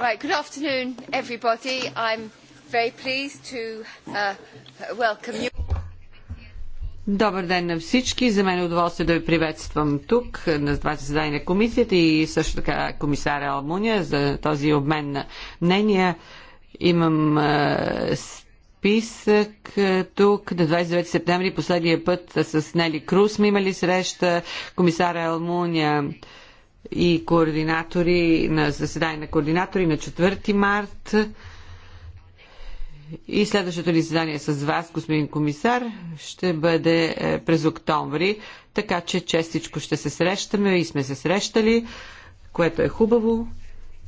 Right, good afternoon, everybody. I'm very pleased to uh, welcome you. Добър ден на всички. За мен е удоволствие да ви приветствам тук на това заседание на комисията и също така комисаря Алмуния за този обмен на мнения. Имам е, списък тук на 29 септември последния път с Нели Крус сме имали среща. Комисаря Алмуния и координатори на заседание на координатори на 4 март. И следващото ни заседание с вас, господин комисар, ще бъде е, през октомври, така че честичко ще се срещаме и сме се срещали, което е хубаво.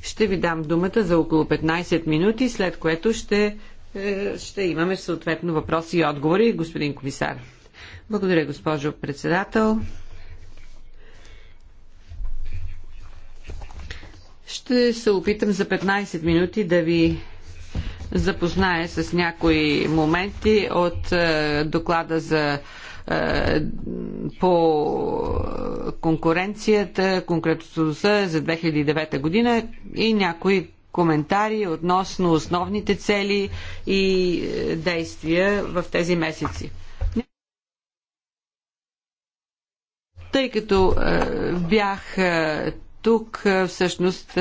Ще ви дам думата за около 15 минути, след което ще, е, ще имаме съответно въпроси и отговори, господин комисар. Благодаря, госпожо председател. Ще се опитам за 15 минути да ви запозная с някои моменти от е, доклада за е, по конкуренцията, конкретно за 2009 година и някои коментари относно основните цели и е, действия в тези месеци. Тъй като е, бях е, тук всъщност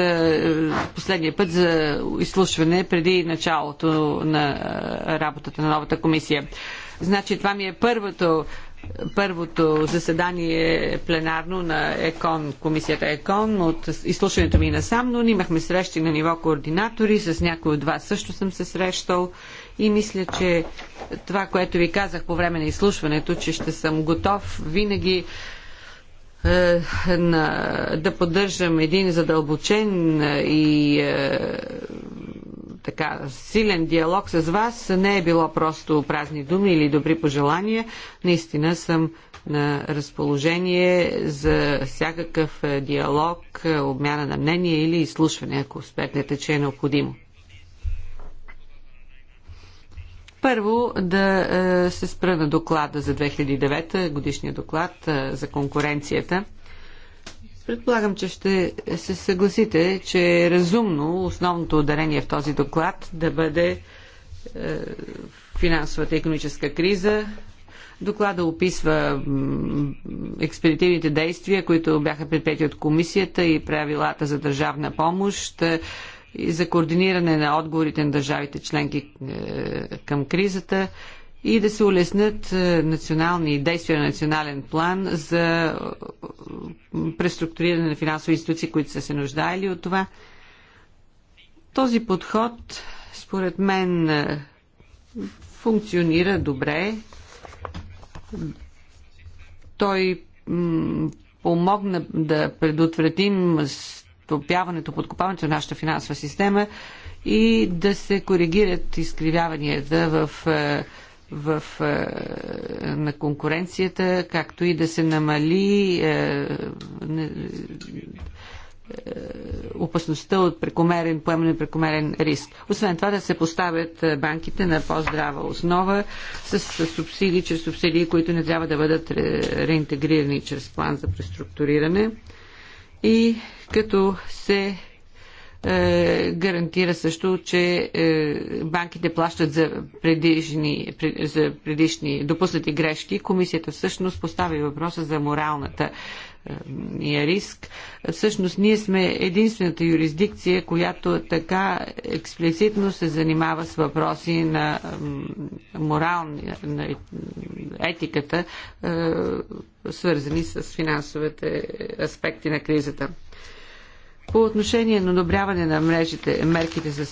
последния път за изслушване преди началото на работата на новата комисия. Значи това ми е първото първото заседание пленарно на ЕКОН, комисията ЕКОН, от изслушването ми насам, но имахме срещи на ниво координатори, с някои от вас също съм се срещал и мисля, че това, което ви казах по време на изслушването, че ще съм готов винаги е, на, да поддържам един задълбочен и е, така силен диалог с вас не е било просто празни думи или добри пожелания. Наистина съм на разположение за всякакъв е, диалог, обмяна на мнение или изслушване, ако сметнете, че е необходимо. Първо да е, се спра на доклада за 2009, годишния доклад е, за конкуренцията. Предполагам, че ще се съгласите, че е разумно основното ударение в този доклад да бъде е, финансовата и економическа криза. Доклада описва експедитивните действия, които бяха предприяти от комисията и правилата за държавна помощ, и за координиране на отговорите на държавите членки е, към кризата и да се улеснят е, национални действия на национален план за е, преструктуриране на финансови институции, които са се нуждаели от това. Този подход, според мен, функционира добре. Той помогна да предотвратим разтопяването, подкопаването на нашата финансова система и да се коригират изкривяванията в, е, в, е, на конкуренцията, както и да се намали е, опасността от прекомерен, поемане прекомерен риск. Освен това да се поставят банките на по-здрава основа с, с субсидии, чрез субсидии, които не трябва да бъдат реинтегрирани чрез план за преструктуриране и като се е, гарантира също, че е, банките плащат за предишни, за предишни допуснати грешки. Комисията всъщност постави въпроса за моралната е, е, е, риск. Всъщност ние сме единствената юрисдикция, която така експлицитно се занимава с въпроси на морални, на етиката, е, свързани с финансовите аспекти на кризата. По отношение на одобряване на мрежите, мерките за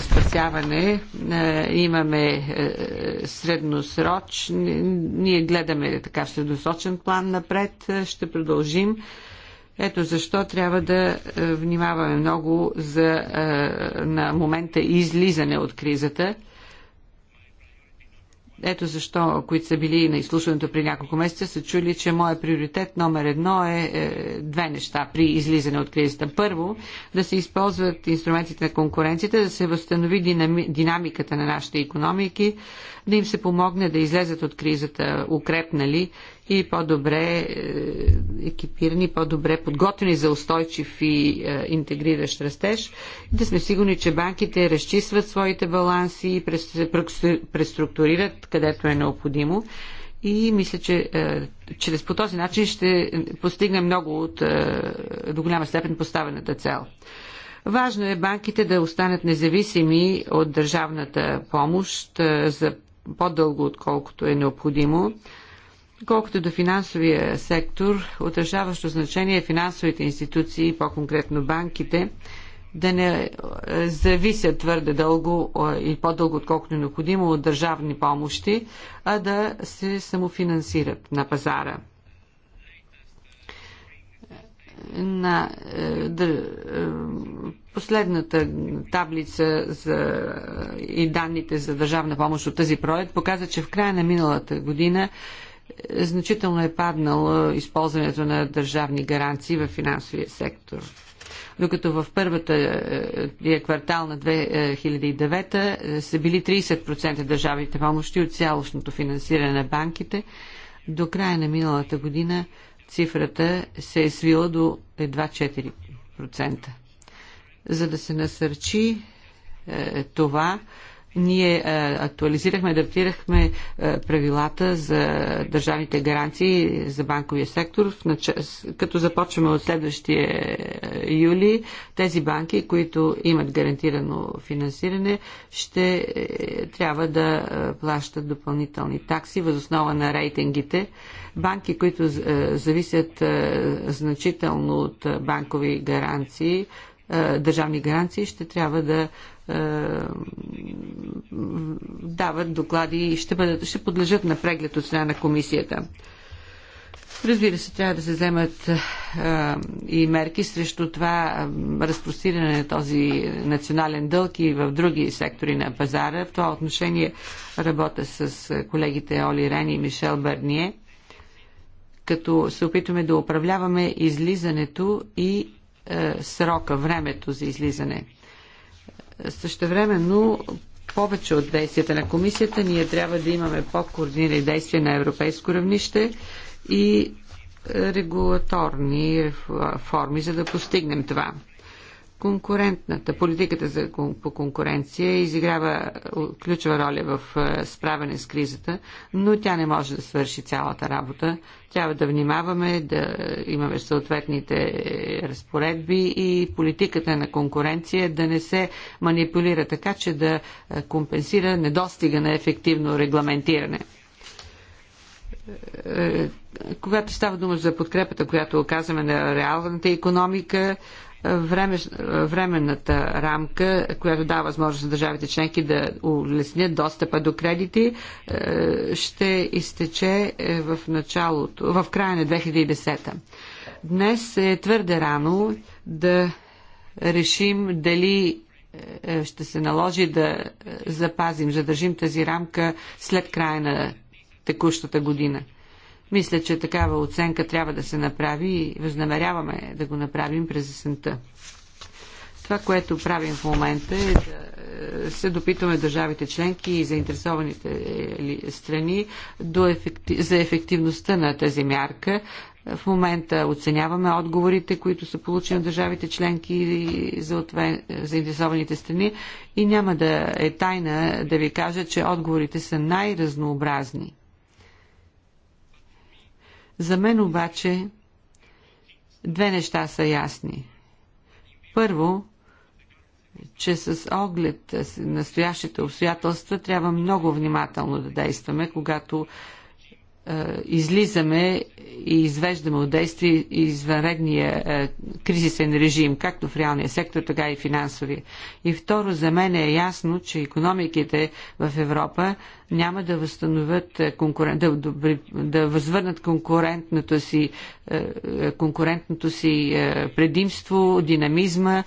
спасяване, е, имаме е, средносроч. ние гледаме така в средносрочен план напред, е, ще продължим. Ето защо трябва да внимаваме много за, на момента излизане от кризата ето защо, които са били на изслушването при няколко месеца, са чули, че моят приоритет номер едно е, е две неща при излизане от кризата. Първо, да се използват инструментите на конкуренцията, да се възстанови динами, динамиката на нашите економики, да им се помогне да излезат от кризата укрепнали и по-добре е, екипирани, по-добре подготвени за устойчив и е, интегриращ растеж. И да сме сигурни, че банките разчистват своите баланси и преструктурират където е необходимо. И мисля, че е, чрез по този начин ще постигне много от е, до голяма степен поставената цел. Важно е банките да останат независими от държавната помощ е, за по-дълго, отколкото е необходимо. Колкото до финансовия сектор, отрешаващо значение е финансовите институции, по-конкретно банките, да не е, зависят твърде дълго е, и по-дълго, отколкото е необходимо от държавни помощи, а да се самофинансират на пазара. На е, последната таблица за, и данните за държавна помощ от тази проект показа, че в края на миналата година значително е паднало е, използването на държавни гаранции в финансовия сектор. Докато в първата е, е, е квартал на 2009 са били 30% държавните помощи от цялостното финансиране на банките, до края на миналата година цифрата се е свила до едва 4%. За да се насърчи е, това, ние е, актуализирахме, адаптирахме е, правилата за държавните гаранции за банковия сектор, като започваме от следващия е, юли. Тези банки, които имат гарантирано финансиране, ще трябва да плащат допълнителни такси възоснова на рейтингите. Банки, които зависят значително от банкови гаранции, държавни гаранции, ще трябва да е, дават доклади и ще, бъдат, ще подлежат на преглед от страна на комисията. Разбира се, трябва да се вземат а, е, и мерки срещу това е, разпростиране на този национален дълг и в други сектори на пазара. В това отношение работя с колегите Оли Рен и Мишел Бърние, като се опитваме да управляваме излизането и а, срока, времето за излизане. Същевременно повече от действията на комисията, ние трябва да имаме по-координирани действия на европейско равнище и регулаторни форми, за да постигнем това конкурентната, политиката за, по конкуренция изиграва ключова роля в е, справяне с кризата, но тя не може да свърши цялата работа. Трябва да внимаваме, да имаме съответните е, разпоредби и политиката на конкуренция да не се манипулира така, че да е, компенсира недостига на ефективно регламентиране когато става дума за подкрепата, която оказваме на реалната економика, време, временната рамка, която дава възможност на държавите членки да улеснят достъпа до кредити, е, ще изтече е, в началото, в края на 2010. -та. Днес е твърде рано да решим дали е, ще се наложи да запазим, задържим тази рамка след края на текущата година. Мисля, че такава оценка трябва да се направи и възнамеряваме да го направим през есента. Това, което правим в момента е да е, се допитваме държавите членки и заинтересованите е, страни до ефекти... за ефективността на тази мярка. В момента оценяваме отговорите, които са получени от държавите членки и за отве... заинтересованите страни и няма да е тайна да ви кажа, че отговорите са най-разнообразни. За мен обаче две неща са ясни. Първо, че с оглед настоящите обстоятелства трябва много внимателно да действаме, когато е, излизаме и извеждаме от действие извънредния е, кризисен режим, както в реалния сектор, така и финансовия. И второ, за мен е ясно, че економиките в Европа няма да възстановят е, конкурен... да, да, да възвърнат конкурентното си, е, е, конкурентното си е, предимство, динамизма,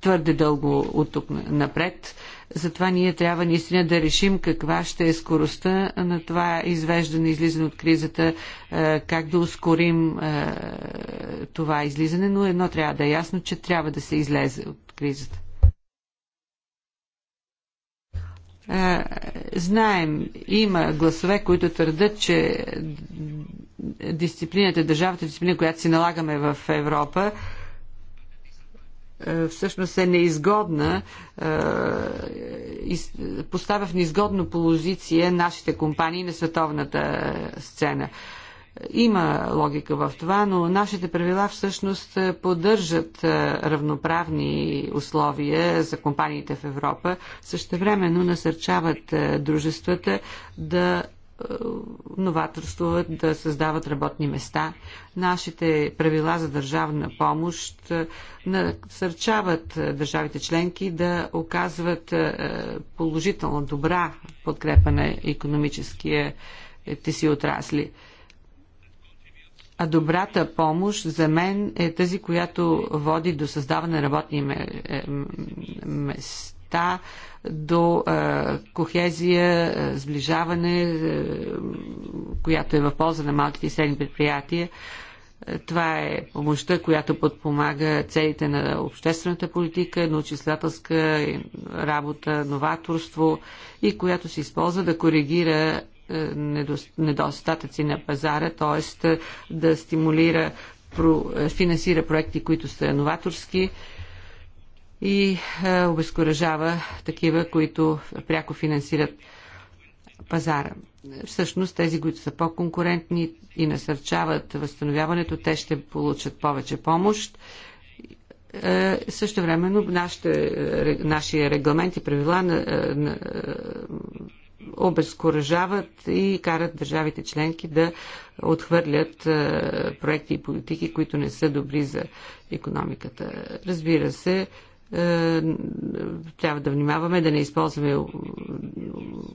твърде дълго от тук напред. Затова ние трябва наистина да решим каква ще е скоростта на това извеждане, излизане от кризата, е, как да ускорим е, това излизане, но едно трябва да е ясно, че трябва да се излезе от кризата. Е, знаем, има гласове, които твърдят, че дисциплината, държавата дисциплина, която си налагаме в Европа, е, всъщност е неизгодна, е, поставя в неизгодна позиция нашите компании на световната сцена. Има логика в това, но нашите правила всъщност поддържат е, равноправни условия за компаниите в Европа, същевременно насърчават дружествата да новаторствуват, да създават работни места. Нашите правила за държавна помощ е, насърчават е, държавите членки да оказват е, положително добра подкрепа на економическия си отрасли. А добрата помощ за мен е тази, която води до създаване на работни места неща до е, кохезия, е, сближаване, е, която е в полза на малките и средни предприятия. Това е помощта, която подпомага целите на обществената политика, научислятелска работа, новаторство и която се използва да коригира недостатъци на пазара, т.е. да стимулира, финансира проекти, които са новаторски и е, обезкуражава такива, които пряко финансират пазара. Всъщност тези, които са по-конкурентни и насърчават възстановяването, те ще получат повече помощ. Е, Също времено нашите, е, наши регламенти, правила на, на, обезкуражават и карат държавите членки да отхвърлят проекти и политики, които не са добри за економиката. Разбира се, е, трябва да внимаваме да не използваме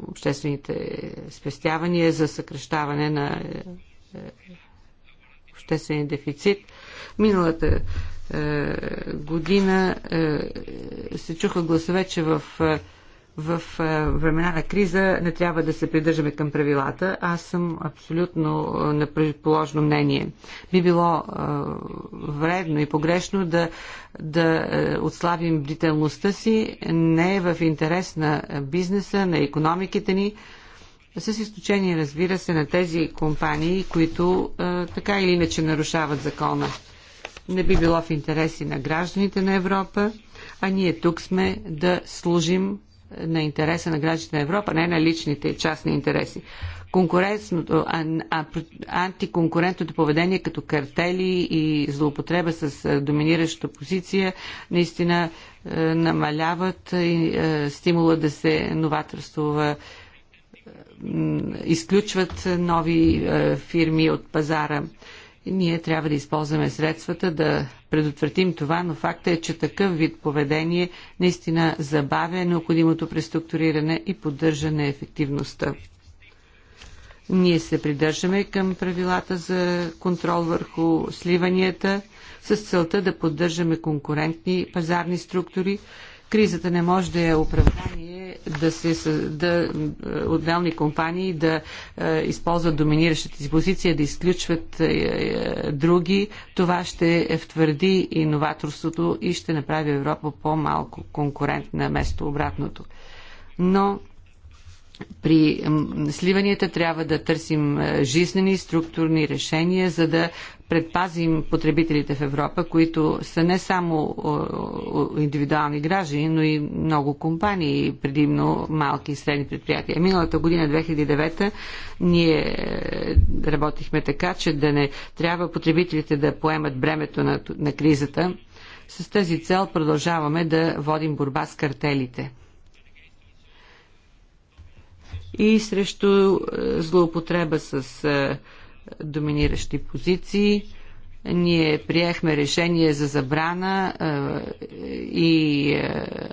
обществените спестявания за съкрещаване на е, е, обществения дефицит. Миналата година се чуха гласове, че в в е, времена на криза не трябва да се придържаме към правилата. Аз съм абсолютно е, на предположно мнение. Би било е, вредно и погрешно да, да отслабим бдителността си. Не е в интерес на бизнеса, на економиките ни с изключение, разбира се, на тези компании, които така или иначе нарушават закона. Не би било в интереси на гражданите на Европа, а ние тук сме да служим на интереса на гражданите на Европа, не на личните частни интереси. Конкурентното, а, антиконкурентното поведение като картели и злоупотреба с доминираща позиция наистина намаляват стимула да се новаторствува изключват нови фирми от пазара. Ние трябва да използваме средствата да предотвратим това, но факта е, че такъв вид поведение наистина забавя необходимото преструктуриране и поддържане ефективността. Ние се придържаме към правилата за контрол върху сливанията с целта да поддържаме конкурентни пазарни структури, кризата не може да е оправдание да се да е, отделни компании да е, използват доминиращата си позиция, да изключват е, е, други. Това ще втвърди иноваторството и ще направи Европа по-малко конкурентна, вместо обратното. Но при сливанията трябва да търсим е, жизнени структурни решения, за да предпазим потребителите в Европа, които са не само индивидуални граждани, но и много компании, предимно малки и средни предприятия. Миналата година, 2009, ние е, работихме така, че да не трябва потребителите да поемат бремето на, на кризата. С тази цел продължаваме да водим борба с картелите и срещу е, злоупотреба с е, доминиращи позиции. Ние приехме решение за забрана е, и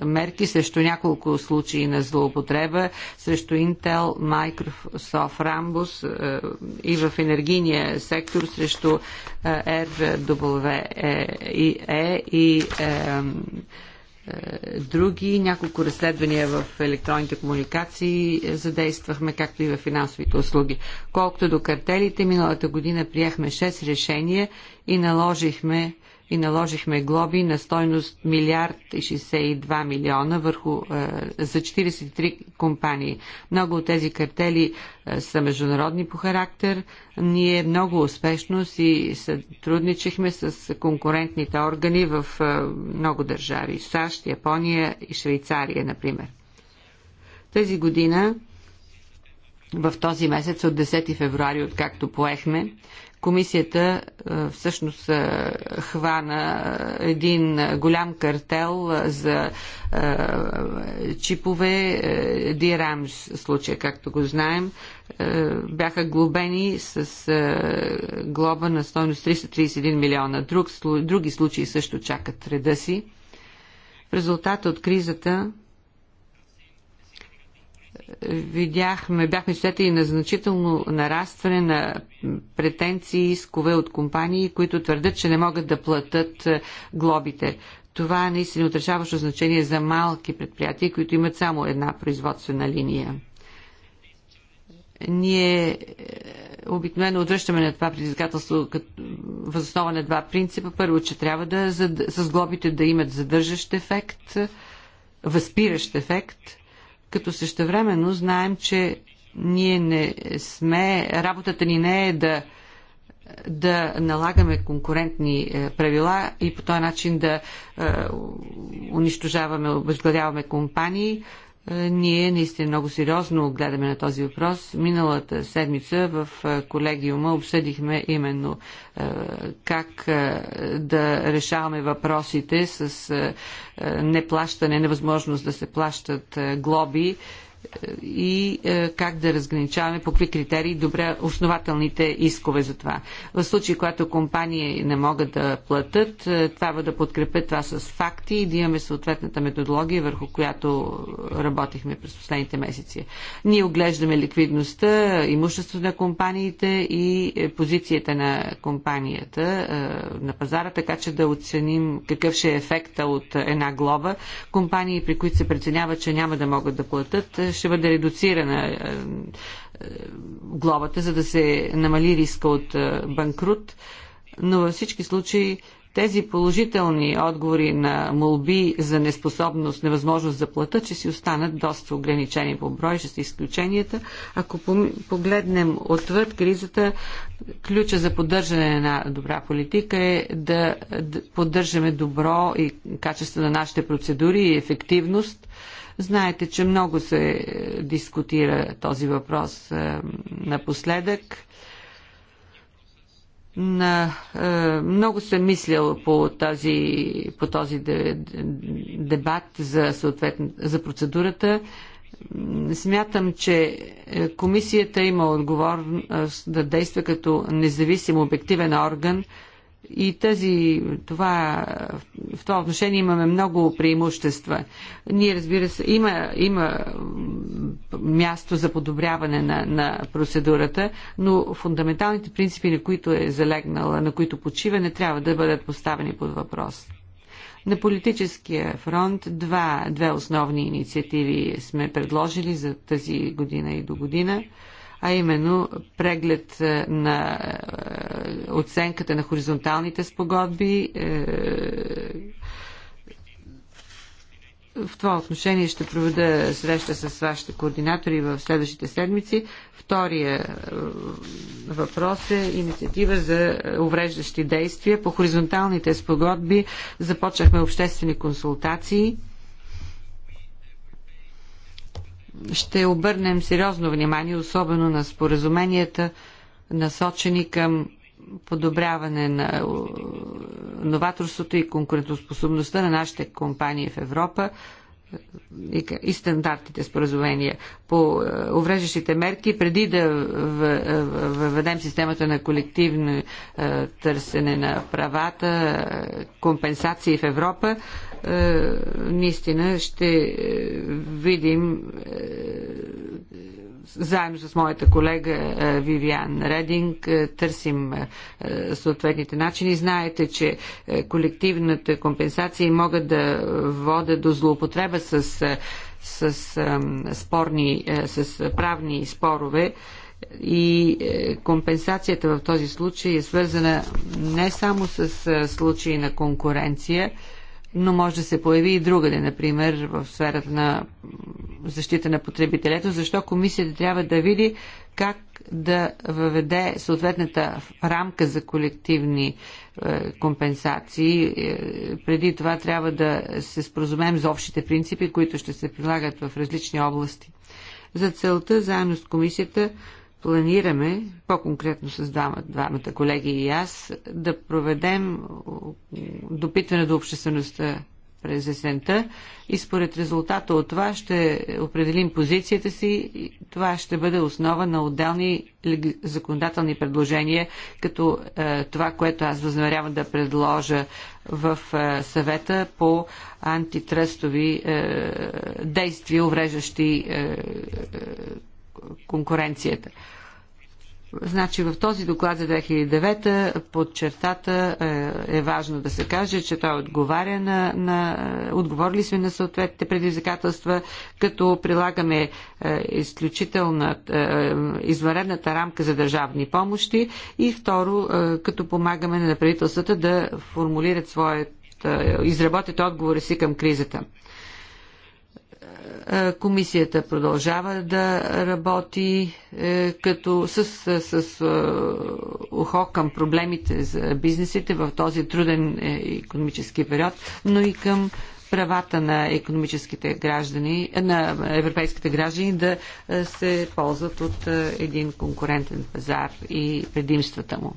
мерки срещу няколко случаи на злоупотреба, срещу Intel, Microsoft, Rambus и в енергийния сектор срещу RWE и е, други. Няколко разследвания в електронните комуникации е, задействахме, както и в финансовите услуги. Колкото до картелите, миналата година приехме 6 решения и наложихме и наложихме глоби на стойност милиард и 62 милиона върху, е, за 43 компании. Много от тези картели е, са международни по характер. Ние много успешно си сътрудничихме с конкурентните органи в е, много държави. САЩ, Япония и Швейцария, например. Тази година в този месец от 10 февруари, откакто поехме, Комисията е, всъщност е, хвана един голям картел за е, чипове Дирамж случая, както го знаем. Бяха глобени с глоба на стойност 331 милиона. Друг, други случаи също чакат реда си. В резултата от кризата видяхме, бяхме свидетели на значително нарастване на претенции и искове от компании, които твърдят, че не могат да платят е, глобите. Това е наистина отрешаващо значение за малки предприятия, които имат само една производствена линия. Ние е, обикновено отвръщаме на това предизвикателство възоснова на два принципа. Първо, че трябва да с глобите да имат задържащ ефект, възпиращ ефект – като същевременно знаем, че ние не сме, работата ни не е да, да налагаме конкурентни е, правила и по този начин да е, унищожаваме, обезглавяваме компании. Е, ние наистина много сериозно гледаме на този въпрос. Миналата седмица в е, колегиума обсъдихме именно е, как да решаваме въпросите с неплащане, невъзможност да се плащат глоби и е, как да разграничаваме по какви критерии добре основателните искове за това. В случай, когато компании не могат да платят, е, трябва да подкрепят това с факти и да имаме съответната методология, върху която работихме през последните месеци. Ние оглеждаме ликвидността, имуществото на компаниите и е, позицията на компанията на пазара, така че да оценим какъв ще е ефекта от една глоба. Компании, при които се преценява, че няма да могат да платят, ще бъде редуцирана е, е, глобата, за да се намали риска от е, банкрут, но във всички случаи тези положителни отговори на молби за неспособност, невъзможност за плата, че си останат доста ограничени по брой, ще са изключенията. Ако погледнем отвъд кризата, ключа за поддържане на добра политика е да поддържаме добро и качество на нашите процедури и ефективност – Знаете, че много се е, дискутира този въпрос е, напоследък. На, е, много съм мислял по този, по този дебат за, за процедурата. Смятам, че е, комисията има отговорност да действа като независим обективен орган, и тази, това, в това отношение имаме много преимущества. Ние, разбира се, има, има място за подобряване на, на процедурата, но фундаменталните принципи, на които е залегнала, на които почива, не трябва да бъдат поставени под въпрос. На политическия фронт два, две основни инициативи сме предложили за тази година и до година а именно преглед е, на е, оценката на хоризонталните спогодби. Е, в това отношение ще проведа среща с вашите координатори в следващите седмици. Втория въпрос е инициатива за увреждащи действия. По хоризонталните спогодби започнахме обществени консултации ще обърнем сериозно внимание, особено на споразуменията, насочени към подобряване на е, новаторството и конкурентоспособността на нашите компании в Европа е, и стандартите споразумения по е, увреждащите мерки, преди да въведем системата на колективно търсене на правата, компенсации в Европа, е, наистина ще е, видим е, заедно с моята колега Вивиан Рединг търсим съответните начини. Знаете, че колективната компенсации могат да вода до злоупотреба с, с, спорни, с правни спорове и компенсацията в този случай е свързана не само с случаи на конкуренция, но може да се появи и другаде, например в сферата на защита на потребителето. Защо комисията трябва да види как да въведе съответната рамка за колективни е, компенсации. Е, преди това трябва да се споразумеем за общите принципи, които ще се прилагат в различни области. За целта, заедно с комисията, планираме, по-конкретно с двамата колеги и аз, да проведем допитване до обществеността през есента и според резултата от това ще определим позицията си. Това ще бъде основа на отделни законодателни предложения, като е, това, което аз възнамерявам да предложа в е, съвета по антитръстови е, действия, увреждащи е, е, конкуренцията. Значи в този доклад за 2009 под е, е важно да се каже, че той отговаря на, на е, отговорили сме на съответните предизвикателства, като прилагаме е, изключителна е, е, извънредната рамка за държавни помощи и второ, е, като помагаме на правителствата да формулират своят, е, изработят отговори си към кризата. Комисията продължава да работи е, като с, с, с е, ухо към проблемите за бизнесите в този труден економически период, но и към правата на економическите граждани, на европейските граждани да е, се ползват от един конкурентен пазар и предимствата му.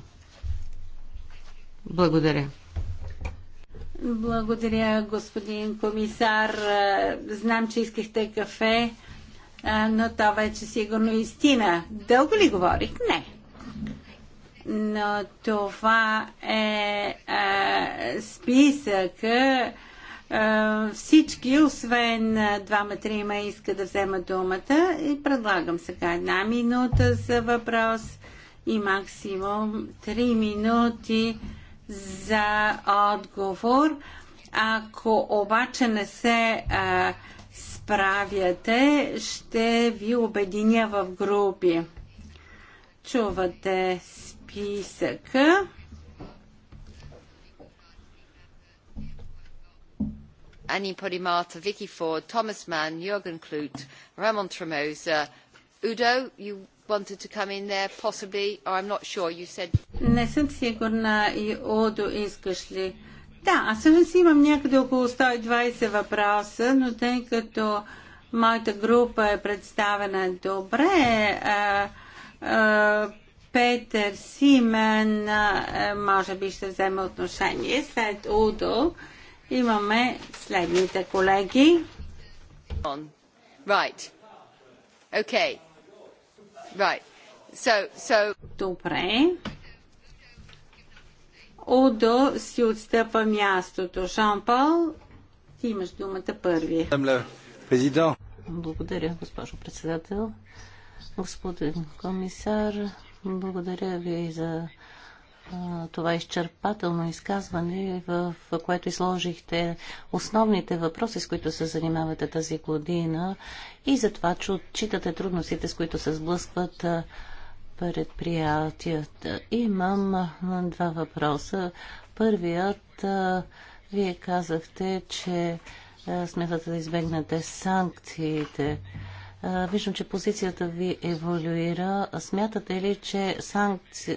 Благодаря. Благодаря, господин комисар. Знам, че искахте кафе, но това вече сигурно е истина. Дълго ли говорих? Не. Но това е а, списък. А, всички, освен двама-трима, иска да взема думата и предлагам сега една минута за въпрос и максимум три минути за отговор. Ако обаче не се а, справяте, ще ви обединя в групи. Чувате списъка. Ани Подимата, Вики Форд, Томас Ман, Йорген Клут, Рамон Трамоза, Удо, wanted to come in there, possibly, or oh, I'm not sure, you said... Не съм сигурна, и Одо, искаш ли? Да, аз си имам някъде около 120 въпроса, но тъй като моята група е представена добре, а, е, а, е, Петър Симен а, е, може би ще вземе отношение. След Удо имаме следните колеги. Right. Okay. Right. So, so... Добре. Одо си отстъпа мястото. Пал, ти имаш думата първи. Благодаря, госпожо председател. Господин комисар, благодаря ви за това изчерпателно изказване, в което изложихте основните въпроси, с които се занимавате тази година и за това, че отчитате трудностите, с които се сблъскват предприятията. Имам два въпроса. Първият, вие казахте, че смятате да избегнете санкциите. Виждам, че позицията ви еволюира. Смятате ли, че санкции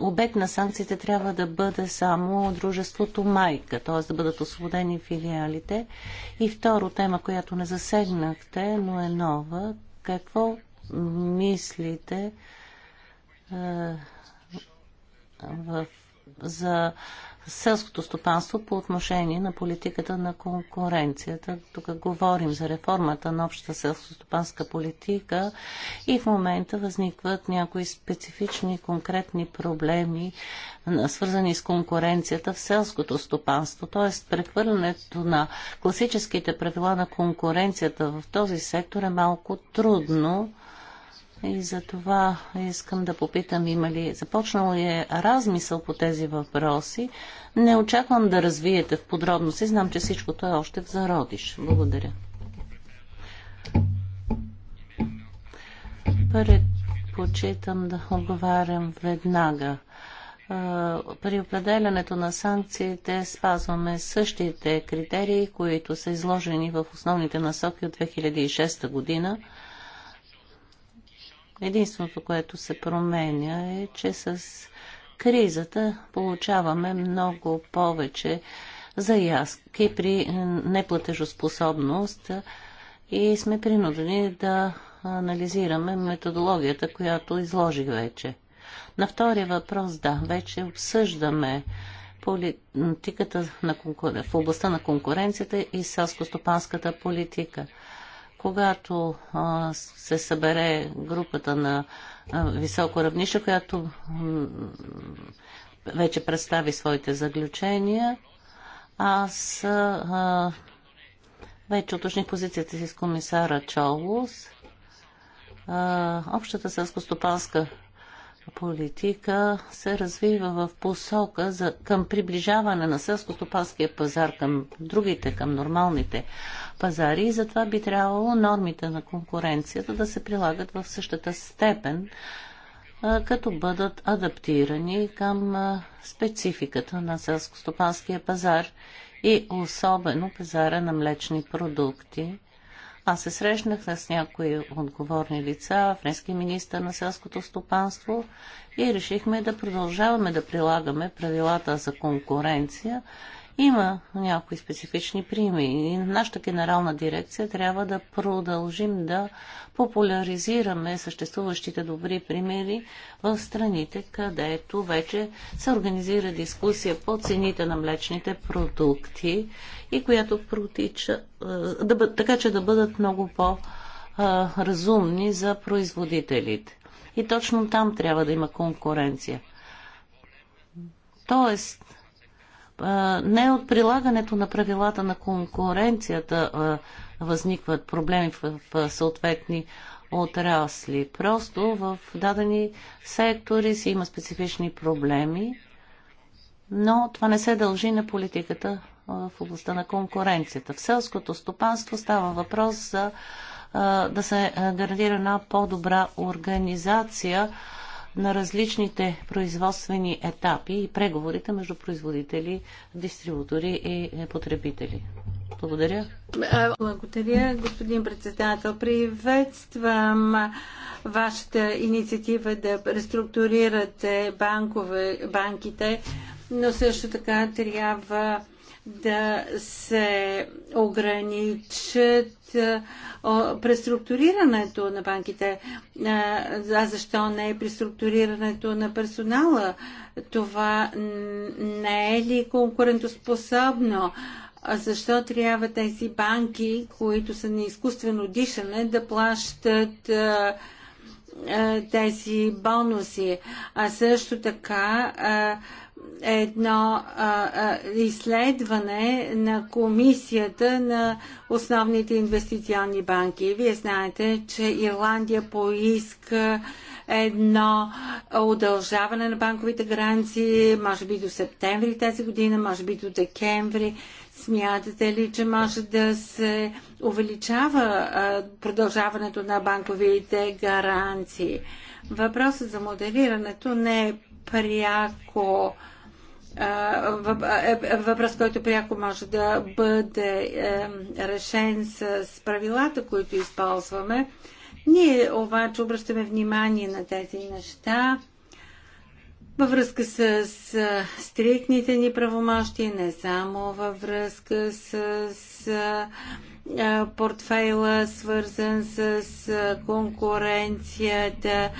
обект на санкциите трябва да бъде само дружеството майка, т.е. да бъдат освободени филиалите. И второ тема, която не засегнахте, но е нова. Какво мислите в, за селското стопанство по отношение на политиката на конкуренцията. Тук говорим за реформата на общата селскостопанска политика и в момента възникват някои специфични конкретни проблеми, свързани с конкуренцията в селското стопанство. Т.е. прехвърлянето на класическите правила на конкуренцията в този сектор е малко трудно и за това искам да попитам, има ли, започнал ли е размисъл по тези въпроси? Не очаквам да развиете в подробности, знам, че всичкото е още в зародиш. Благодаря. Предпочитам да отговарям веднага. При определянето на санкциите спазваме същите критерии, които са изложени в основните насоки от 2006 година – Единственото, което се променя е, че с кризата получаваме много повече заявки при неплатежоспособност и сме принудени да анализираме методологията, която изложих вече. На втория въпрос, да, вече обсъждаме политиката на в областта на конкуренцията и селско-стопанската политика – когато а, се събере групата на а, високо равнище, която вече представи своите заключения, аз а, вече уточних позицията си с комисара Чолус. Общата селскостопанска политика се развива в посока за, към приближаване на селско-стопанския пазар към другите, към нормалните пазари и затова би трябвало нормите на конкуренцията да се прилагат в същата степен, като бъдат адаптирани към спецификата на селско-стопанския пазар и особено пазара на млечни продукти аз се срещнах с някои отговорни лица, френски министър на селското стопанство и решихме да продължаваме да прилагаме правилата за конкуренция има някои специфични примери. Нашата генерална дирекция трябва да продължим да популяризираме съществуващите добри примери в страните, където вече се организира дискусия по цените на млечните продукти и която протича, да, така че да бъдат много по-разумни за производителите. И точно там трябва да има конкуренция. Тоест, не от прилагането на правилата на конкуренцията възникват проблеми в съответни отрасли. Просто в дадени сектори си има специфични проблеми, но това не се дължи на политиката в областта на конкуренцията. В селското стопанство става въпрос за да се гарантира една по-добра организация на различните производствени етапи и преговорите между производители, дистрибутори и е, потребители. Благодаря. Благодаря, господин председател. Приветствам вашата инициатива да реструктурирате банкове, банките, но също така трябва да се ограничат преструктурирането на банките. А защо не е преструктурирането на персонала? Това не е ли конкурентоспособно? защо трябва тези банки, които са на изкуствено дишане, да плащат а, а, тези бонуси. А също така а, едно а, а, изследване на комисията на основните инвестиционни банки. Вие знаете, че Ирландия поиска едно удължаване на банковите гаранции, може би до септември тази година, може би до декември. Смятате ли, че може да се увеличава а, продължаването на банковите гаранции? Въпросът за моделирането не е пряко е, е, въпрос, който пряко може да бъде решен с правилата, които използваме. Ние обаче обръщаме внимание на тези неща във връзка с, стрикните стриктните ни правомощи, не само във връзка с портфейла, свързан с конкуренцията,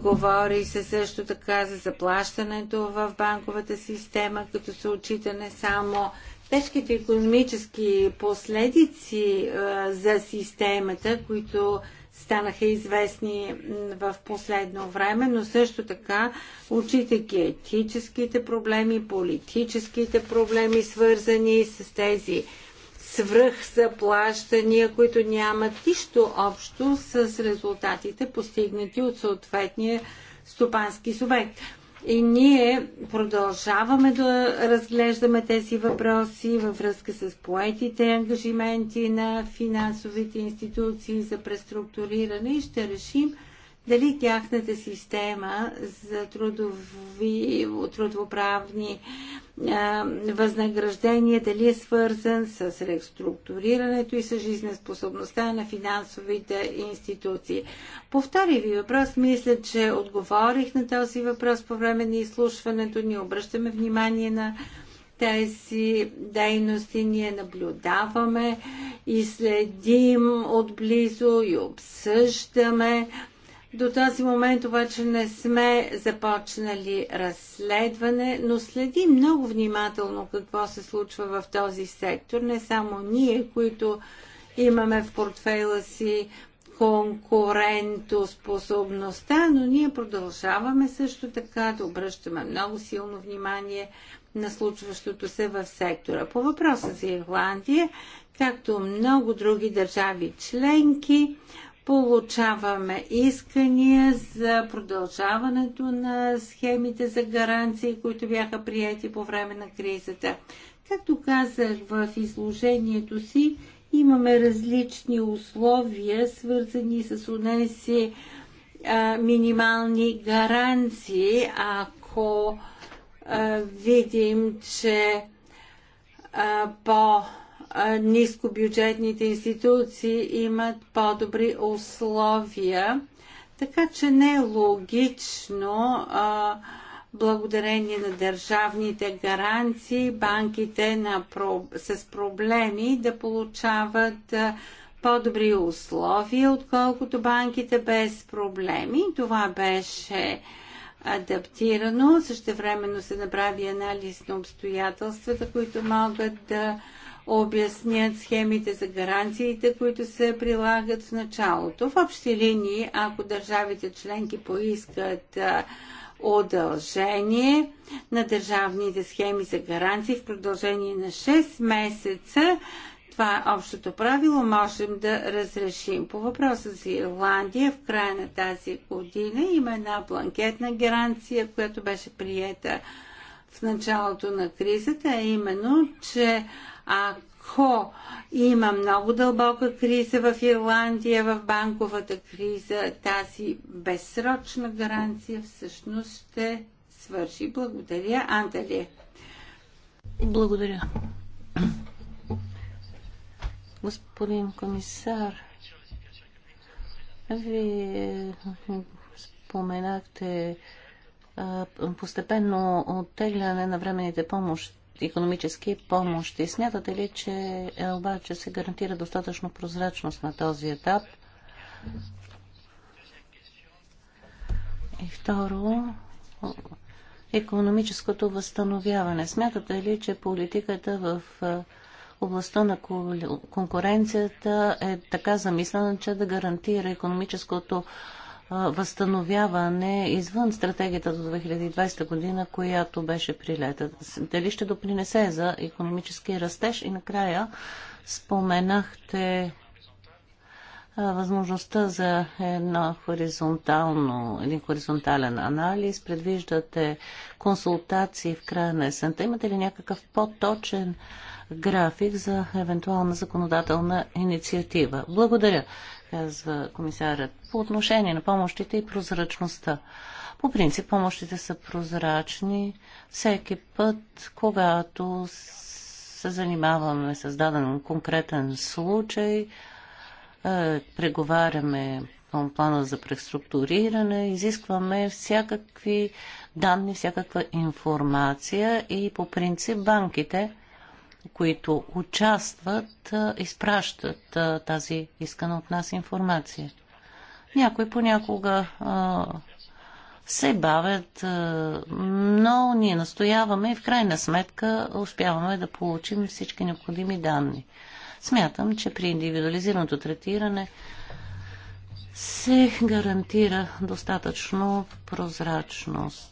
говори се също така за заплащането в банковата система, като се отчита не само тежките економически последици за системата, които станаха известни в последно време, но също така, отчитайки етическите проблеми, политическите проблеми, свързани с тези свръхзаплащания, които нямат нищо общо с резултатите, постигнати от съответния стопански субект. И ние продължаваме да разглеждаме тези въпроси във връзка с поетите ангажименти на финансовите институции за преструктуриране и ще решим дали тяхната система за трудови, трудоправни а, възнаграждения, дали е свързан с реструктурирането и с жизнеспособността на финансовите институции. Повтори ви въпрос, мисля, че отговорих на този въпрос по време на изслушването. Ние обръщаме внимание на тези дейности ние наблюдаваме и следим отблизо и обсъждаме до този момент обаче не сме започнали разследване, но следи много внимателно какво се случва в този сектор. Не само ние, които имаме в портфейла си конкурентоспособността, но ние продължаваме също така да обръщаме много силно внимание на случващото се в сектора. По въпроса за Ирландия, както много други държави членки, Получаваме искания за продължаването на схемите за гаранции, които бяха прияти по време на кризата. Както казах в изложението си, имаме различни условия, свързани с унеси минимални гаранции, ако а, видим, че а, по нискобюджетните институции имат по-добри условия. Така че не е логично а, благодарение на държавните гаранции банките на, с проблеми да получават по-добри условия, отколкото банките без проблеми. Това беше адаптирано. времено се направи анализ на обстоятелствата, които могат да обяснят схемите за гаранциите, които се прилагат в началото. В общи линии, ако държавите членки поискат удължение на държавните схеми за гаранции в продължение на 6 месеца, това е общото правило, можем да разрешим. По въпроса за Ирландия, в края на тази година има една бланкетна гаранция, която беше приета в началото на кризата, а именно, че ако има много дълбока криза в Ирландия, в банковата криза, тази безсрочна гаранция всъщност ще свърши. Благодаря, Антали. Благодаря. Господин комисар, вие споменахте постепенно оттегляне на времените помощи економически помощи. Смятате ли, че е, обаче се гарантира достатъчно прозрачност на този етап? И второ, економическото възстановяване. Смятате ли, че политиката в е, областта на конкуренцията е така замислена, че да гарантира економическото възстановяване извън стратегията до 2020 година, която беше прилета. Дали ще допринесе за економически растеж и накрая споменахте възможността за едно хоризонтално, един хоризонтален анализ. Предвиждате консултации в края на есента. Имате ли някакъв по-точен график за евентуална законодателна инициатива? Благодаря казва комисарят, по отношение на помощите и прозрачността. По принцип помощите са прозрачни. Всеки път, когато се занимаваме с даден конкретен случай, е, преговаряме по плана за преструктуриране, изискваме всякакви данни, всякаква информация и по принцип банките които участват, изпращат тази искана от нас информация. Някои понякога а, се бавят, а, но ние настояваме и в крайна сметка успяваме да получим всички необходими данни. Смятам, че при индивидуализираното третиране се гарантира достатъчно прозрачност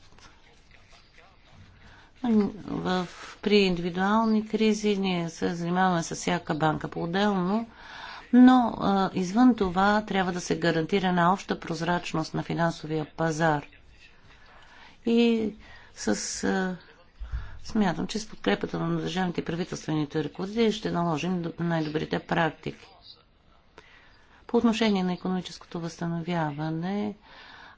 в, при индивидуални кризи ние се занимаваме с всяка банка по-отделно, но а, извън това трябва да се гарантира на обща прозрачност на финансовия пазар. И с, а, смятам, че с подкрепата на държавните и правителствените ръководители ще наложим най-добрите практики. По отношение на економическото възстановяване,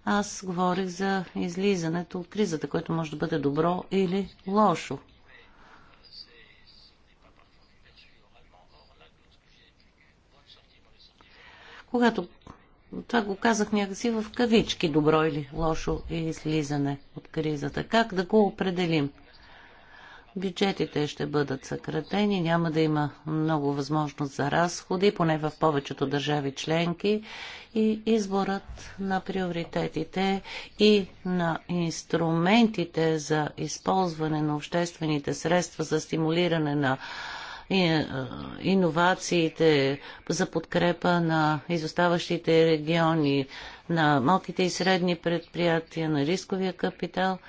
аз говорих за излизането от кризата, което може да бъде добро или лошо. Когато това го казах някакси в кавички, добро или лошо излизане от кризата. Как да го определим? Бюджетите ще бъдат съкратени, няма да има много възможност за разходи, поне в повечето държави членки и изборът на приоритетите и на инструментите за използване на обществените средства за стимулиране на е, иновациите, за подкрепа на изоставащите региони, на малките и средни предприятия, на рисковия капитал –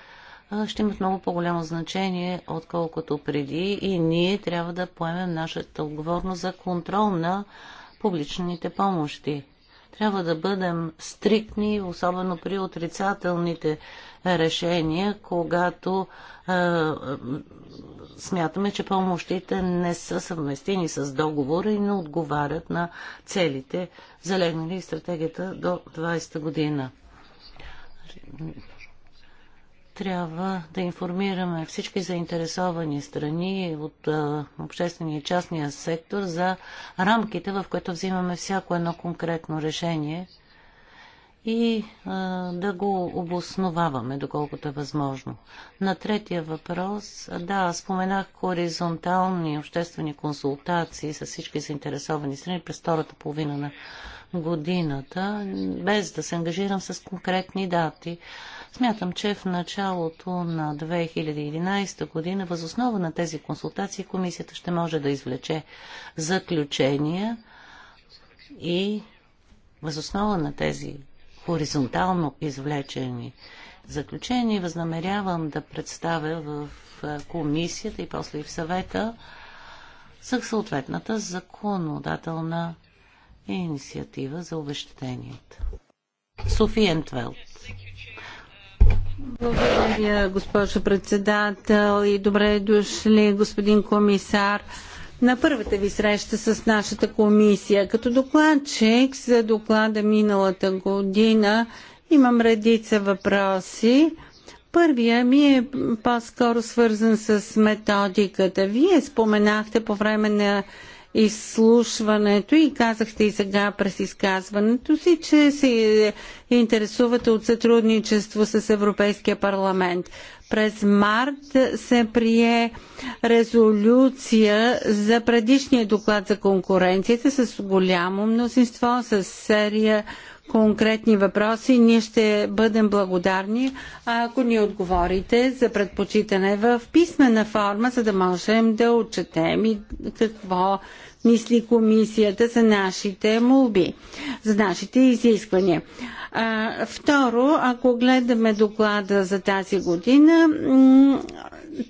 ще имат много по-голямо значение, отколкото преди и ние трябва да поемем нашата отговорност за контрол на публичните помощи. Трябва да бъдем стриктни, особено при отрицателните решения, когато е, смятаме, че помощите не са съвместими с договора и не отговарят на целите, залегнали в стратегията до 20 та година трябва да информираме всички заинтересовани страни от обществения и частния сектор за рамките, в които взимаме всяко едно конкретно решение и а, да го обосноваваме, доколкото е възможно. На третия въпрос, да, споменах хоризонтални обществени консултации с всички заинтересовани страни през втората половина на годината, без да се ангажирам с конкретни дати. Смятам, че в началото на 2011 година, възоснова на тези консултации, комисията ще може да извлече заключения и възоснова на тези хоризонтално извлечени заключения възнамерявам да представя в комисията и после и в съвета със съответната законодателна инициатива за обещетението. София Ентвелт. Благодаря, госпожо председател и добре дошли, господин комисар на първата ви среща с нашата комисия. Като докладчик за доклада миналата година имам редица въпроси. Първия ми е по-скоро свързан с методиката. Вие споменахте по време на изслушването и казахте и сега през изказването си, че се интересувате от сътрудничество с Европейския парламент. През март се прие резолюция за предишния доклад за конкуренцията с голямо мнозинство, с серия конкретни въпроси. Ние ще бъдем благодарни, ако ни отговорите за предпочитане в писмена форма, за да можем да отчетем и какво мисли комисията за нашите молби, за нашите изисквания. А, второ, ако гледаме доклада за тази година,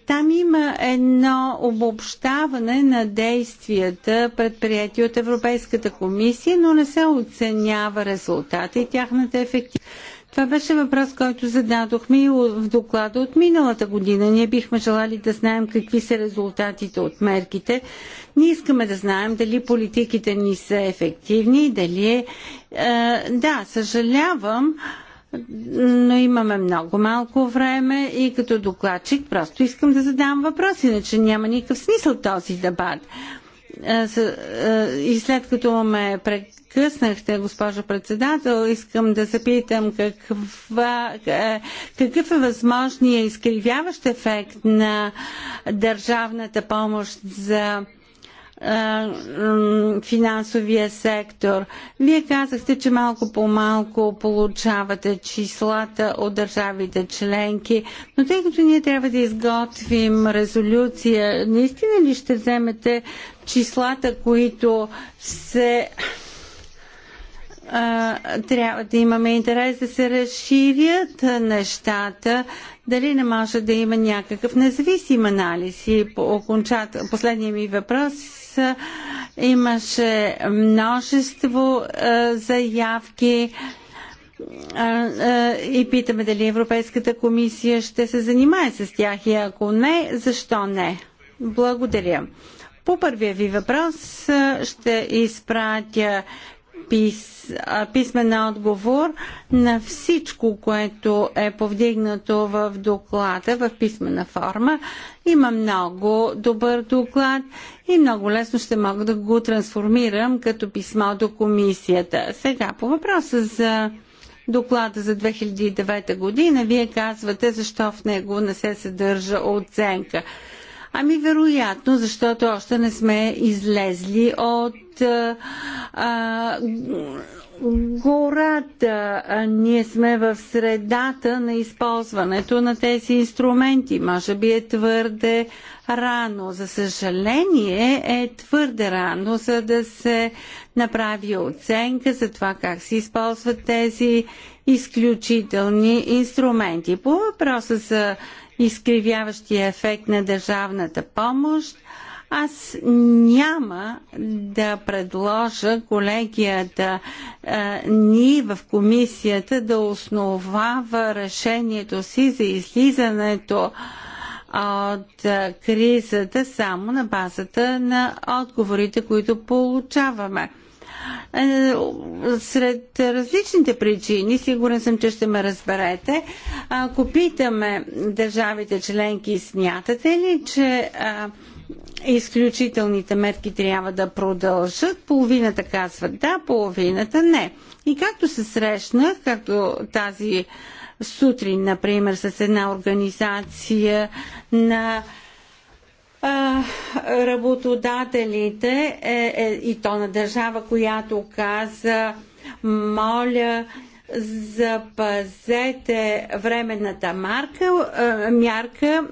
там има едно обобщаване на действията, предприяти от Европейската комисия, но не се оценява резултата и тяхната ефективност. Това беше въпрос, който зададохме и в доклада от миналата година. Ние бихме желали да знаем какви са резултатите от мерките. Ние искаме да знаем дали политиките ни са ефективни и дали е, е... Да, съжалявам, но имаме много малко време и като докладчик просто искам да задам въпрос, иначе няма никакъв смисъл този дебат. Е, е, и след като ме прекъснахте, госпожо председател, искам да запитам каква, е, какъв е възможният изкривяващ ефект на държавната помощ за финансовия сектор. Вие казахте, че малко по малко получавате числата от държавите членки, но тъй като ние трябва да изготвим резолюция, наистина ли ще вземете числата, които се трябва да имаме интерес да се разширят нещата, дали не може да има някакъв независим анализ. И по окончат... последния ми въпрос имаше множество заявки и питаме дали Европейската комисия ще се занимае с тях и ако не, защо не? Благодаря. По първия ви въпрос ще изпратя пис, писмен отговор на всичко, което е повдигнато в доклада в писмена форма. Има много добър доклад и много лесно ще мога да го трансформирам като писмо до комисията. Сега по въпроса за доклада за 2009 година, вие казвате защо в него не се съдържа оценка. Ами вероятно, защото още не сме излезли от а, гората. А, ние сме в средата на използването на тези инструменти. Може би е твърде рано. За съжаление е твърде рано, за да се направи оценка за това как се използват тези изключителни инструменти. По въпроса за изкривяващия ефект на държавната помощ, аз няма да предложа колегията а, ни в комисията да основава решението си за излизането от кризата само на базата на отговорите, които получаваме. Е, сред различните причини, сигурен съм, че ще ме разберете, ако питаме държавите членки, смятате ли, че изключителните мерки трябва да продължат. Половината казват да, половината не. И както се срещнах, както тази сутрин, например, с една организация на работодателите е, е, и то на държава, която каза, моля, запазете временната марка, мярка.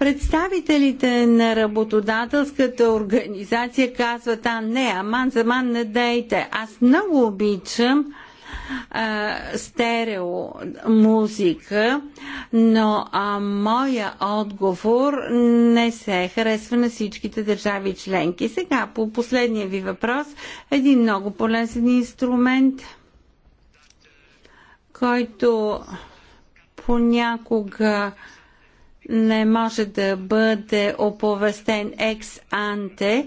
Представителите на работодателската организация казват, а не, аман за ман не дейте. Аз много обичам а, стерео музика, но а, моя отговор не се харесва на всичките държави членки. Сега, по последния ви въпрос, един много полезен инструмент, който понякога не може да бъде оповестен екс-анте,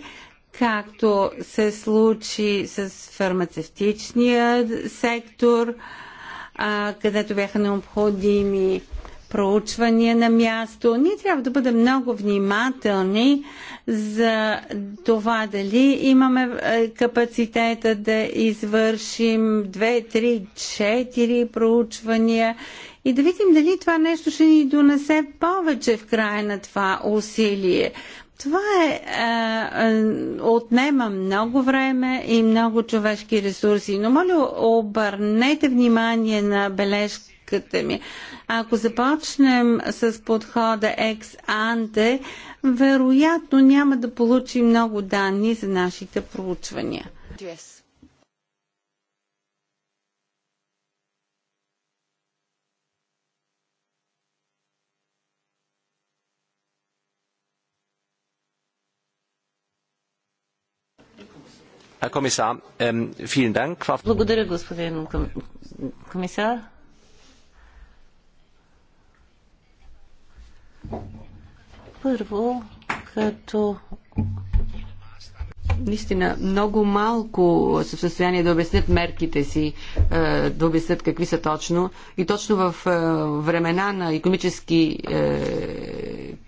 както се случи с фармацевтичния сектор, а, където бяха необходими проучвания на място. Ние трябва да бъдем много внимателни за това дали имаме е, капацитета да извършим 2, 3, 4 проучвания и да видим дали това нещо ще ни донесе повече в края на това усилие. Това е, е, е, отнема много време и много човешки ресурси. Но моля, обърнете внимание на бележката ми. Ако започнем с подхода ex-ante, вероятно няма да получим много данни за нашите проучвания. Herr Kommissar, ähm, vielen Dank. Благодаря, господин комисар. Първо, като наистина много малко са в състояние да обяснят мерките си, е, да обяснят какви са точно. И точно в е, времена на економически е,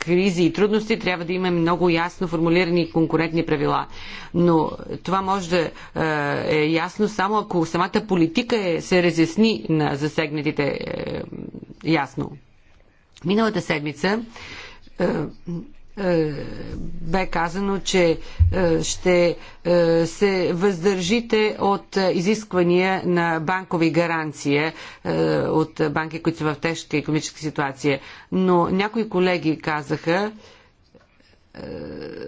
кризи и трудности, трябва да има много ясно формулирани конкурентни правила. Но това може да е, е ясно само ако самата политика е, се разясни на засегнатите е, ясно. Миналата седмица е, е, бе казано, че е, ще е, се въздържите от изисквания на банкови гаранции от банки, които са в тежка економическа ситуация. Но някои колеги казаха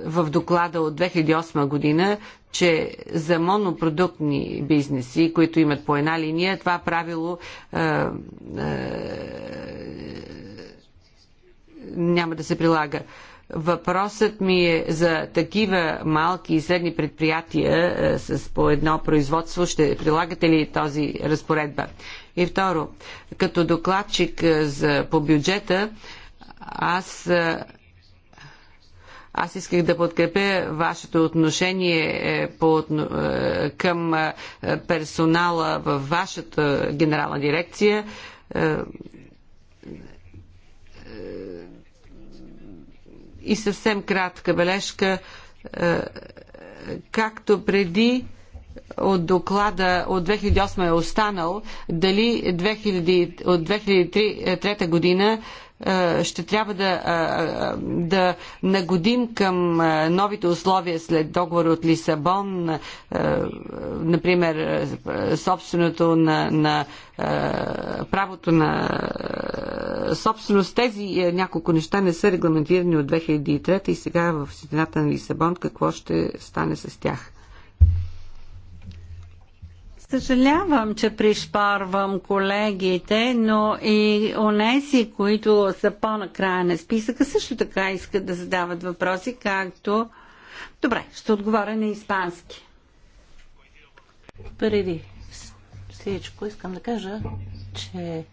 в доклада от 2008 година, че за монопродуктни бизнеси, които имат по една линия, това правило няма да се прилага. Въпросът ми е за такива малки и средни предприятия е, с по едно производство. Ще прилагате ли този разпоредба? И второ, като докладчик е, за, по бюджета, аз е, аз исках да подкрепя вашето отношение е, по, е, към е, персонала във вашата генерална дирекция и съвсем кратка бележка, е, както преди от доклада от 2008 е останал, дали 2000, от 2003 е, година ще трябва да, да нагодим към новите условия след договор от Лисабон, например, собственото на, на правото на собственост. Тези няколко неща не са регламентирани от 2003 и сега в светлината на Лисабон какво ще стане с тях? Съжалявам, че пришпарвам колегите, но и онези, които са по-накрая на списъка, също така искат да задават въпроси, както... Добре, ще отговоря на испански. Преди всичко искам да кажа, че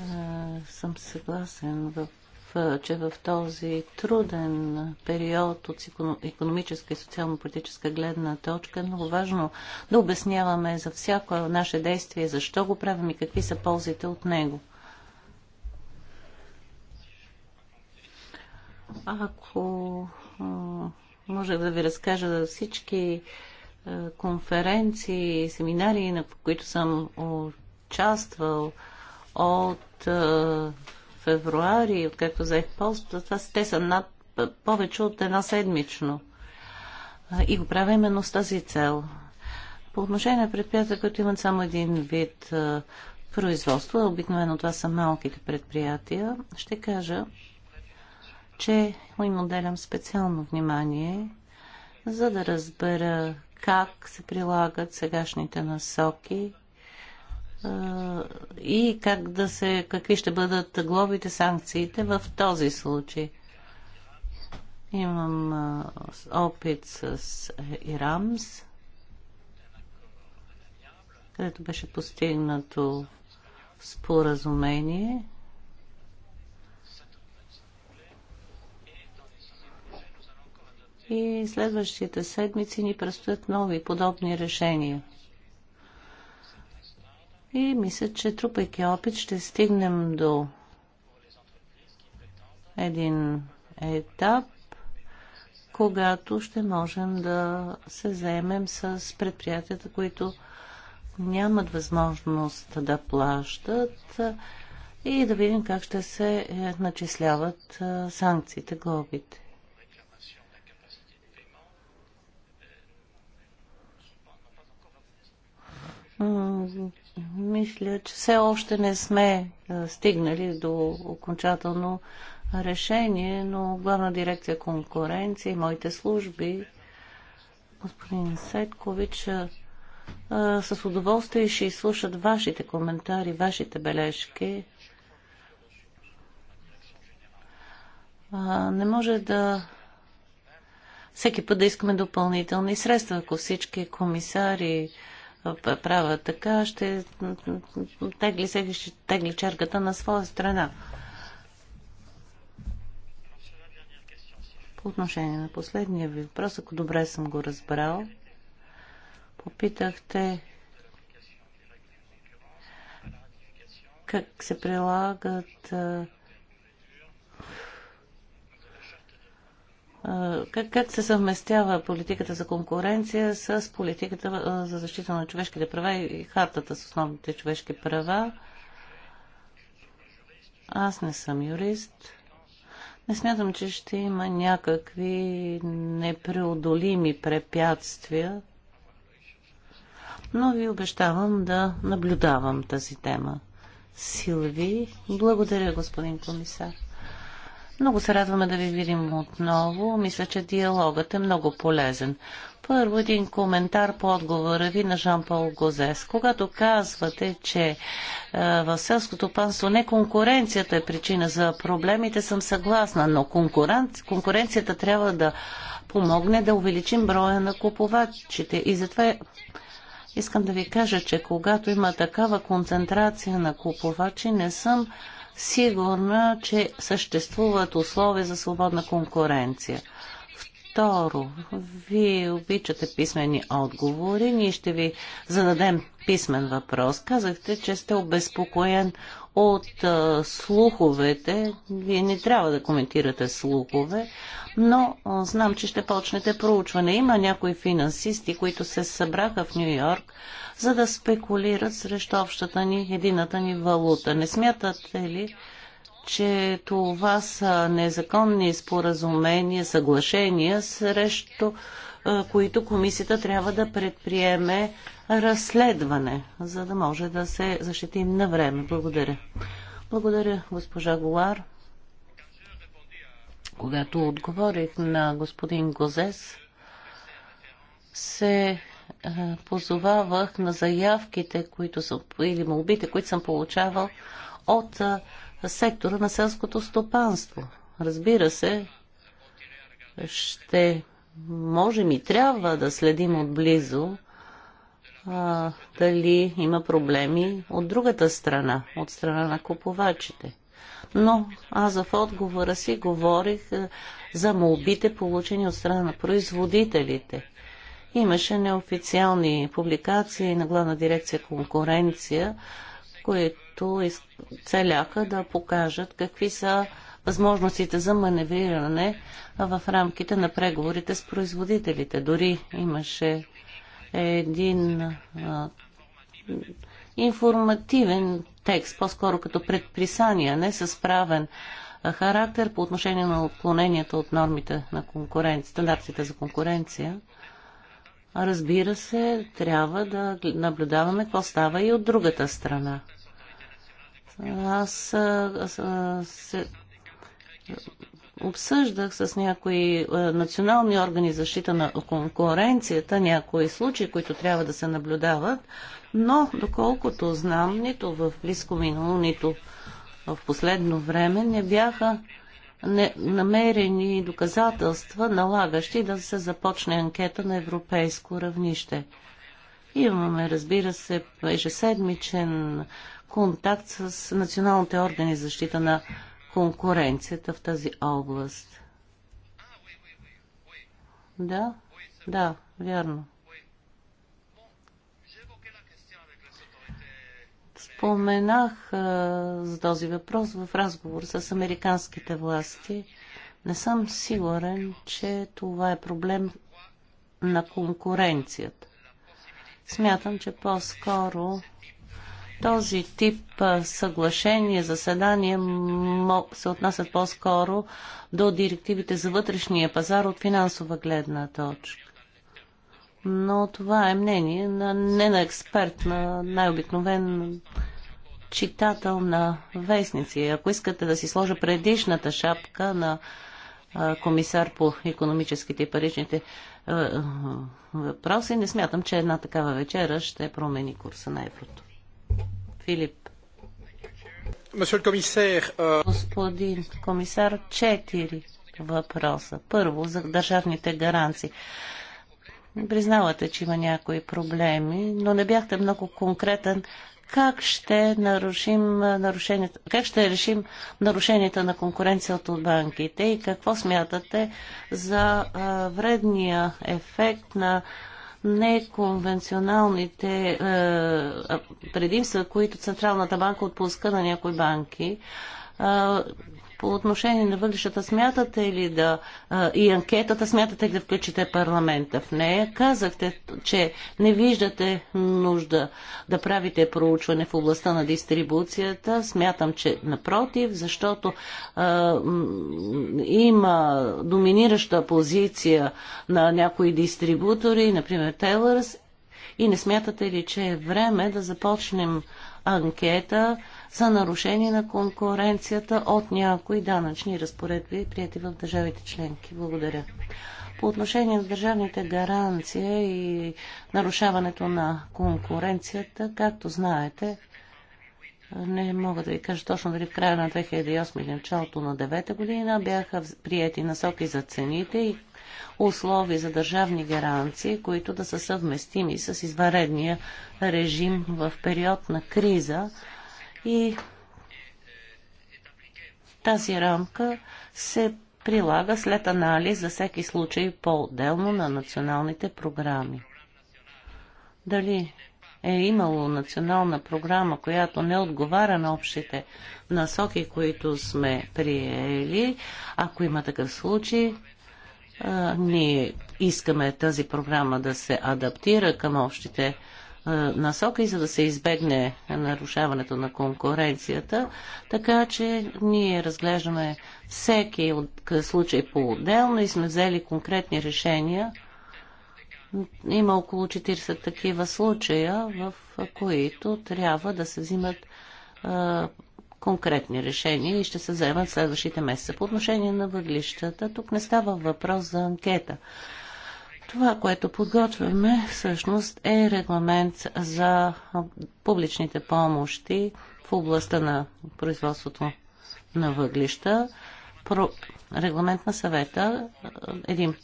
а, съм съгласен в че в този труден период от економическа и социално-политическа гледна точка е много важно да обясняваме за всяко наше действие, защо го правим и какви са ползите от него. Ако може да ви разкажа за всички конференции, семинари, на които съм участвал от февруари, откакто взех поста, това те са над, повече от една седмично. И го правя именно с тази цел. По отношение на предприятия, които имат само един вид производство, обикновено това са малките предприятия, ще кажа, че им отделям специално внимание, за да разбера как се прилагат сегашните насоки и как да се, какви ще бъдат глобите, санкциите в този случай. Имам опит с Ирамс, където беше постигнато споразумение. И следващите седмици ни предстоят нови подобни решения. И мисля, че трупайки опит ще стигнем до един етап, когато ще можем да се заемем с предприятията, които нямат възможност да плащат и да видим как ще се е, начисляват е, санкциите, глобите. Мисля, че все още не сме стигнали до окончателно решение, но главна дирекция конкуренция и моите служби, господин Сеткович, с удоволствие ще изслушат вашите коментари, вашите бележки. Не може да всеки път да искаме допълнителни средства, ако всички комисари права така, ще тегли, всеки ще тегли чергата на своя страна. По отношение на последния ви въпрос, ако добре съм го разбрал, попитахте как се прилагат как, как се съвместява политиката за конкуренция с политиката за защита на човешките права и хартата с основните човешки права? Аз не съм юрист. Не смятам, че ще има някакви непреодолими препятствия, но ви обещавам да наблюдавам тази тема. Силви, благодаря, господин комисар. Много се радваме да ви видим отново. Мисля, че диалогът е много полезен. Първо един коментар по отговора ви на Жан-Пол Гозес. Когато казвате, че е, в селското панство не конкуренцията е причина за проблемите, съм съгласна, но конкуренцията трябва да помогне да увеличим броя на купувачите. И затова искам да ви кажа, че когато има такава концентрация на купувачи, не съм сигурна, че съществуват условия за свободна конкуренция. Второ, вие обичате писмени отговори. Ние ще ви зададем писмен въпрос. Казахте, че сте обезпокоен от а, слуховете. Вие не трябва да коментирате слухове, но а, знам, че ще почнете проучване. Има някои финансисти, които се събраха в Нью Йорк, за да спекулират срещу общата ни, едината ни валута. Не смятате ли, че това са незаконни споразумения, съглашения, срещу които комисията трябва да предприеме разследване, за да може да се защитим на време. Благодаря. Благодаря, госпожа Голар. Когато отговорих на господин Гозес, се позовавах на заявките, които са, или молбите, които съм получавал от сектора на селското стопанство. Разбира се, ще можем и трябва да следим отблизо а, дали има проблеми от другата страна, от страна на купувачите. Но аз в отговора си говорих за молбите, получени от страна на производителите. Имаше неофициални публикации на Главна дирекция конкуренция, които които целяха да покажат какви са възможностите за маневриране в рамките на преговорите с производителите. Дори имаше един информативен текст, по-скоро като предписание, не с правен характер по отношение на отклоненията от нормите на конкуренция, стандартите за конкуренция. Разбира се, трябва да наблюдаваме какво става и от другата страна. Аз, а, а, се обсъждах с някои е, национални органи за защита на конкуренцията, някои случаи, които трябва да се наблюдават, но доколкото знам, нито в близко минало, нито в последно време не бяха не, намерени доказателства, налагащи да се започне анкета на европейско равнище. Имаме, разбира се, ежеседмичен контакт с националните органи за защита на конкуренцията в тази област. Да, да, вярно. Споменах а, за този въпрос в разговор с американските власти. Не съм сигурен, че това е проблем на конкуренцията. Смятам, че по-скоро този тип съглашения, заседания се отнасят по-скоро до директивите за вътрешния пазар от финансова гледна точка. Но това е мнение на, не на експерт, на най-обикновен читател на вестници. Ако искате да си сложа предишната шапка на комисар по економическите и паричните въпроси, не смятам, че една такава вечера ще промени курса на еврото. Euh, Господин комисар, четири въпроса. Първо, за държавните гаранции. Признавате, че има някои проблеми, но не бяхте много конкретен как ще нарушим нарушенията, как ще решим нарушенията на конкуренцията от банките и какво смятате за а, вредния ефект на неконвенционалните е, предимства, които Централната банка отпуска на някои банки. По отношение на въглищата, смятате ли да и анкетата, смятате ли да включите парламента в нея? Казахте, че не виждате нужда да правите проучване в областта на дистрибуцията. Смятам, че напротив, защото а, има доминираща позиция на някои дистрибутори, например Телърс, и не смятате ли, че е време да започнем анкета са нарушени на конкуренцията от някои данъчни разпоредби, прияти в държавите членки. Благодаря. По отношение на държавните гаранции и нарушаването на конкуренцията, както знаете, не мога да ви кажа точно дали в края на 2008 или началото на 2009 година бяха приети насоки за цените и услови за държавни гаранции, които да са съвместими с изваредния режим в период на криза, и тази рамка се прилага след анализ за всеки случай по-отделно на националните програми. Дали е имало национална програма, която не отговаря на общите насоки, които сме приели. Ако има такъв случай, ние искаме тази програма да се адаптира към общите насока и за да се избегне нарушаването на конкуренцията. Така че ние разглеждаме всеки от случай по-отделно и сме взели конкретни решения. Има около 40 такива случая, в които трябва да се взимат конкретни решения и ще се вземат следващите месеца. По отношение на въглищата, тук не става въпрос за анкета. Това, което подготвяме, всъщност е регламент за публичните помощи в областта на производството на въглища. Про... Регламент на съвета, е, един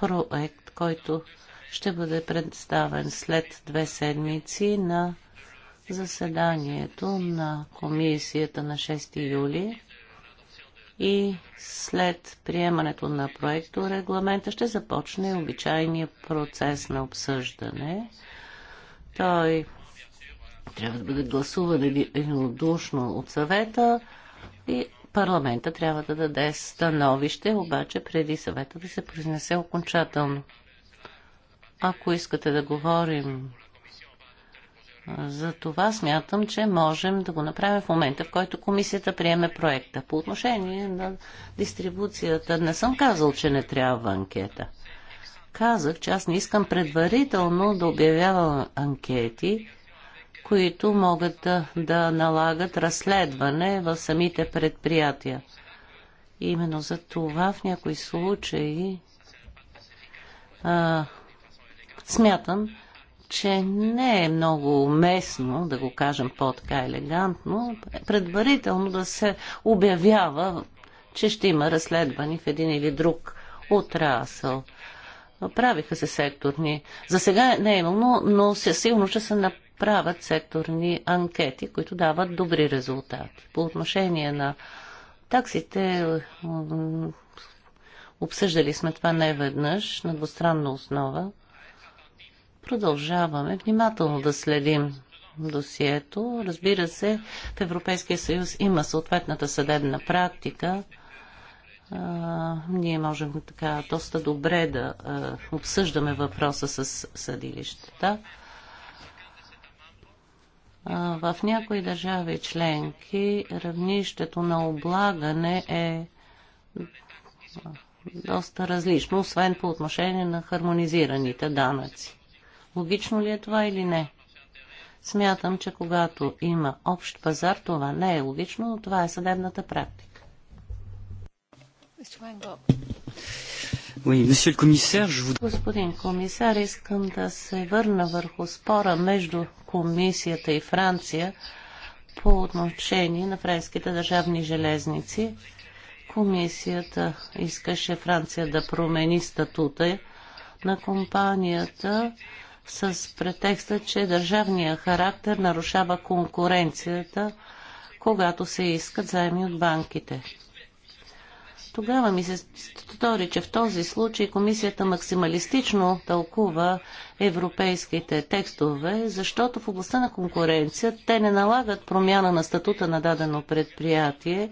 проект, който ще бъде представен след две седмици на заседанието на комисията на 6 юли и след приемането на проекто регламента ще започне обичайния процес на обсъждане. Той трябва да бъде гласуван единодушно от съвета и парламента трябва да даде становище, обаче преди съвета да се произнесе окончателно. Ако искате да говорим за това смятам, че можем да го направим в момента, в който комисията приеме проекта. По отношение на дистрибуцията не съм казал, че не трябва анкета. Казах, че аз не искам предварително да обявявам анкети, които могат да, да налагат разследване в самите предприятия. Именно за това в някои случаи а, смятам, че не е много уместно, да го кажем по-така елегантно, предварително да се обявява, че ще има разследвани в един или друг отрасъл. Правиха се секторни. За сега не е имало, но се сигурно ще се направят секторни анкети, които дават добри резултати. По отношение на таксите, обсъждали сме това не веднъж на двустранна основа. Продължаваме внимателно да следим досието. Разбира се, в Европейския съюз има съответната съдебна практика. ние можем така доста добре да обсъждаме въпроса с съдилищата. в някои държави членки равнището на облагане е доста различно, освен по отношение на хармонизираните данъци. Логично ли е това или не? Смятам, че когато има общ пазар, това не е логично, но това е съдебната практика. Господин комисар, искам да се върна върху спора между комисията и Франция по отношение на френските държавни железници. Комисията искаше Франция да промени статута на компанията с претекста, че държавният характер нарушава конкуренцията, когато се искат заеми от банките. Тогава ми се стори, че в този случай комисията максималистично тълкува европейските текстове, защото в областта на конкуренция те не налагат промяна на статута на дадено предприятие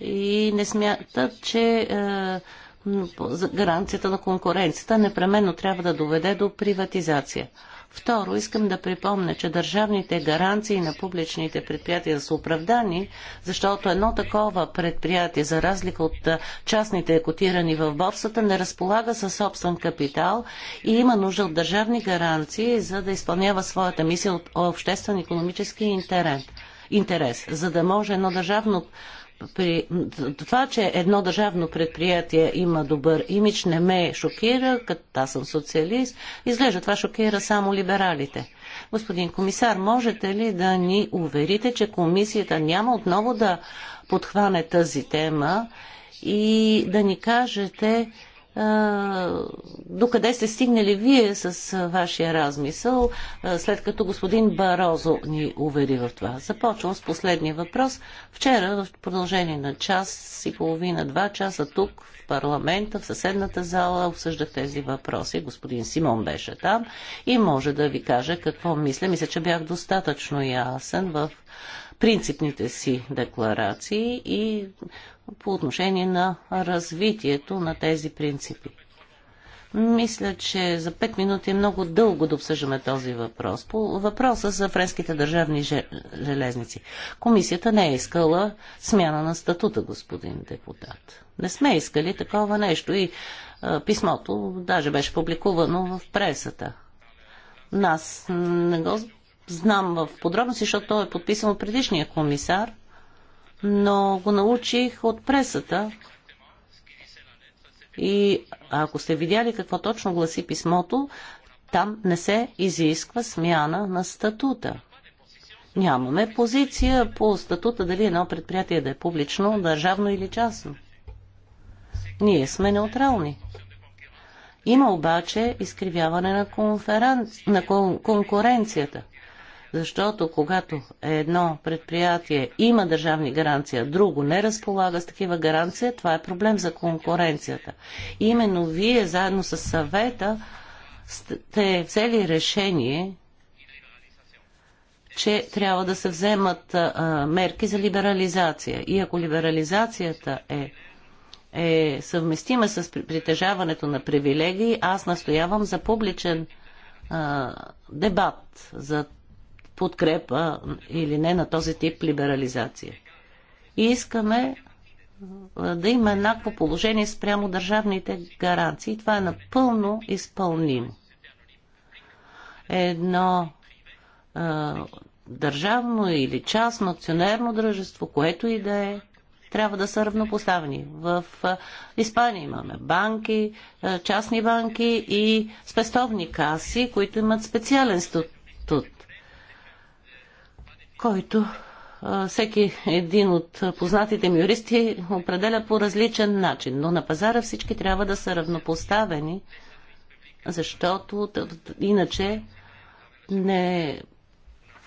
и не смятат, че е, гаранцията на конкуренцията непременно трябва да доведе до приватизация. Второ, искам да припомня, че държавните гаранции на публичните предприятия са оправдани, защото едно такова предприятие, за разлика от частните котирани в борсата, не разполага със собствен капитал и има нужда от държавни гаранции, за да изпълнява своята мисия от обществен економически интерес. Интерес, за да може едно държавно при това, че едно държавно предприятие има добър имидж, не ме шокира, като аз съм социалист. Изглежда това шокира само либералите. Господин комисар, можете ли да ни уверите, че комисията няма отново да подхване тази тема и да ни кажете до къде сте стигнали вие с вашия размисъл, след като господин Барозо ни увери в това. Започвам с последния въпрос. Вчера, в продължение на час и половина, два часа тук, в парламента, в съседната зала, обсъждах тези въпроси. Господин Симон беше там и може да ви кажа какво мисля. Мисля, че бях достатъчно ясен в принципните си декларации и по отношение на развитието на тези принципи. Мисля, че за 5 минути е много дълго да обсъждаме този въпрос. По въпроса за френските държавни железници. Комисията не е искала смяна на статута, господин депутат. Не сме искали такова нещо и а, писмото даже беше публикувано в пресата. Нас не го знам в подробности, защото той е подписан от предишния комисар, но го научих от пресата. И ако сте видяли какво точно гласи писмото, там не се изисква смяна на статута. Нямаме позиция по статута дали едно предприятие да е публично, държавно или частно. Ние сме неутрални. Има обаче изкривяване на, конферен... на кон... конкуренцията. Защото когато едно предприятие има държавни гаранции, а друго не разполага с такива гаранции, това е проблем за конкуренцията. И именно вие заедно с съвета сте взели решение, че трябва да се вземат а, мерки за либерализация. И ако либерализацията е е съвместима с притежаването на привилегии, аз настоявам за публичен а, дебат за подкрепа или не на този тип либерализация. И искаме да има еднакво положение спрямо държавните гаранции. Това е напълно изпълнимо. Едно е, държавно или частно акционерно дружество, което и да е, трябва да са равнопоставени. В Испания имаме банки, частни банки и спестовни каси, които имат специален статут който всеки един от познатите ми юристи определя по различен начин. Но на пазара всички трябва да са равнопоставени, защото иначе не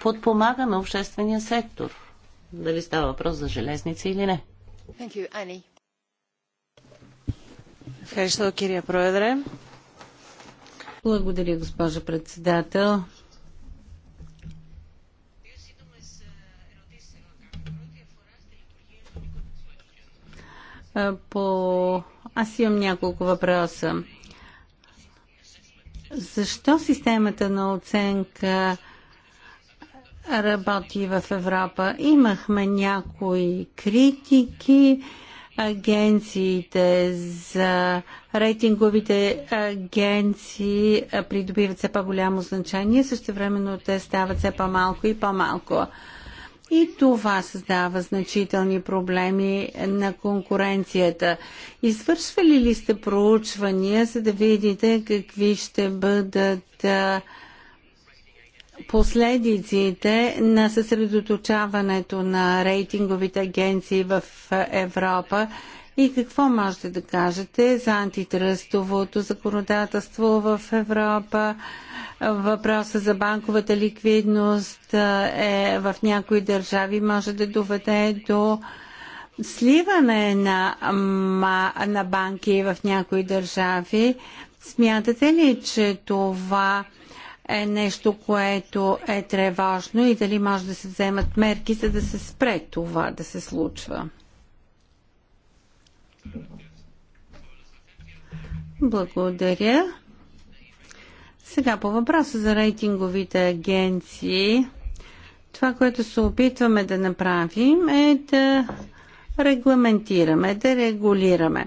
подпомагаме обществения сектор. Дали става въпрос за железници или не. Благодаря, госпожа председател. по... Аз имам няколко въпроса. Защо системата на оценка работи в Европа? Имахме някои критики агенциите, за рейтинговите агенции придобиват все по-голямо значение, също времено те стават все по-малко и по-малко и това създава значителни проблеми на конкуренцията. Извършвали ли сте проучвания, за да видите какви ще бъдат последиците на съсредоточаването на рейтинговите агенции в Европа и какво можете да кажете за антитръстовото законодателство в Европа? Въпроса за банковата ликвидност е в някои държави може да доведе до сливане на, на банки в някои държави. Смятате ли, че това е нещо, което е тревожно и дали може да се вземат мерки, за да се спре това да се случва? Благодаря. Сега по въпроса за рейтинговите агенции. Това, което се опитваме да направим е да регламентираме, да регулираме.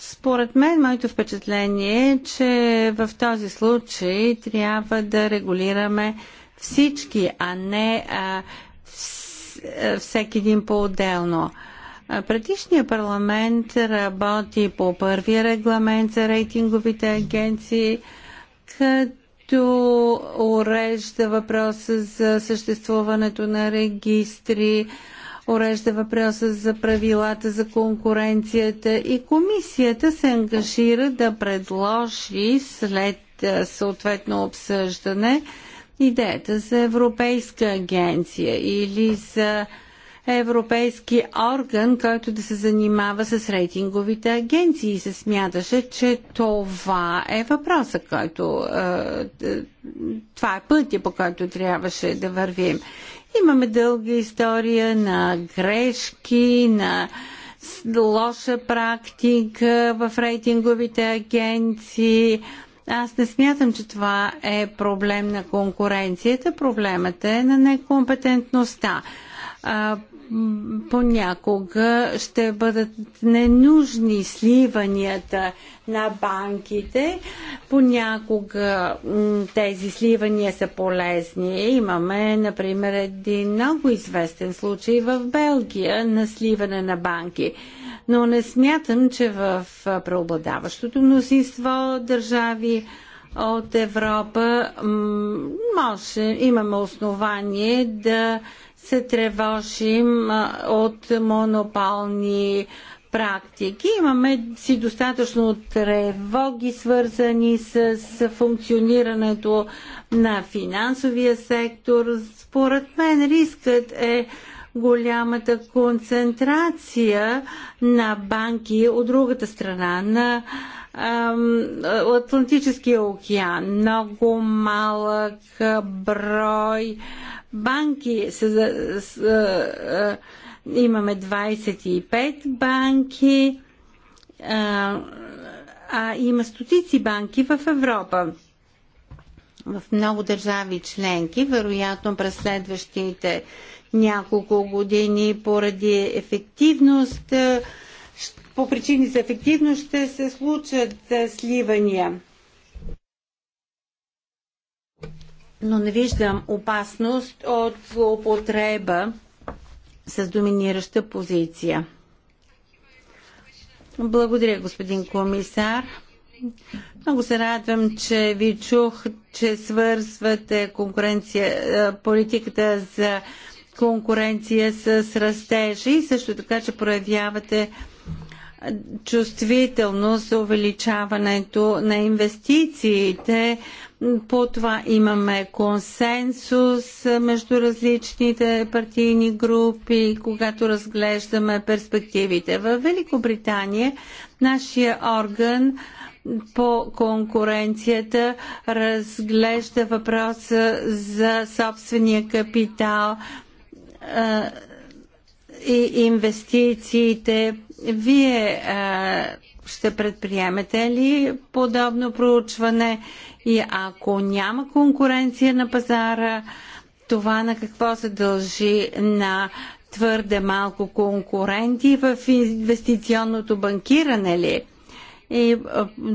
Според мен, моето впечатление е, че в този случай трябва да регулираме всички, а не а, всеки един по-отделно. Предишният парламент работи по първия регламент за рейтинговите агенции, като урежда въпроса за съществуването на регистри, урежда въпроса за правилата за конкуренцията и комисията се ангажира да предложи след съответно обсъждане идеята за Европейска агенция или за европейски орган, който да се занимава с рейтинговите агенции. И се смяташе, че това е въпроса, който. Е, е, това е пътя, по който трябваше да вървим. Имаме дълга история на грешки, на лоша практика в рейтинговите агенции. Аз не смятам, че това е проблем на конкуренцията. Проблемът е на некомпетентността понякога ще бъдат ненужни сливанията на банките. Понякога тези сливания са полезни. Имаме, например, един много известен случай в Белгия на сливане на банки. Но не смятам, че в преобладаващото мнозинство държави от Европа, може, имаме основание да се тревожим от монополни практики. Имаме си достатъчно тревоги, свързани с функционирането на финансовия сектор. Според мен рискът е голямата концентрация на банки от другата страна на Атлантическия океан. Много малък брой банки имаме 25 банки, а, а има стотици банки в Европа. В много държави членки, вероятно през следващите няколко години, поради ефективност, по причини за ефективност ще се случат сливания. Но не виждам опасност от злоупотреба с доминираща позиция. Благодаря, господин комисар. Много се радвам, че ви чух, че свързвате конкуренция, политиката за конкуренция с растежа и също така, че проявявате чувствителност за увеличаването на инвестициите. По това имаме консенсус между различните партийни групи, когато разглеждаме перспективите. В Великобритания нашия орган по конкуренцията разглежда въпроса за собствения капитал и инвестициите вие е, ще предприемете ли подобно проучване и ако няма конкуренция на пазара, това на какво се дължи на твърде малко конкуренти в инвестиционното банкиране ли? И е,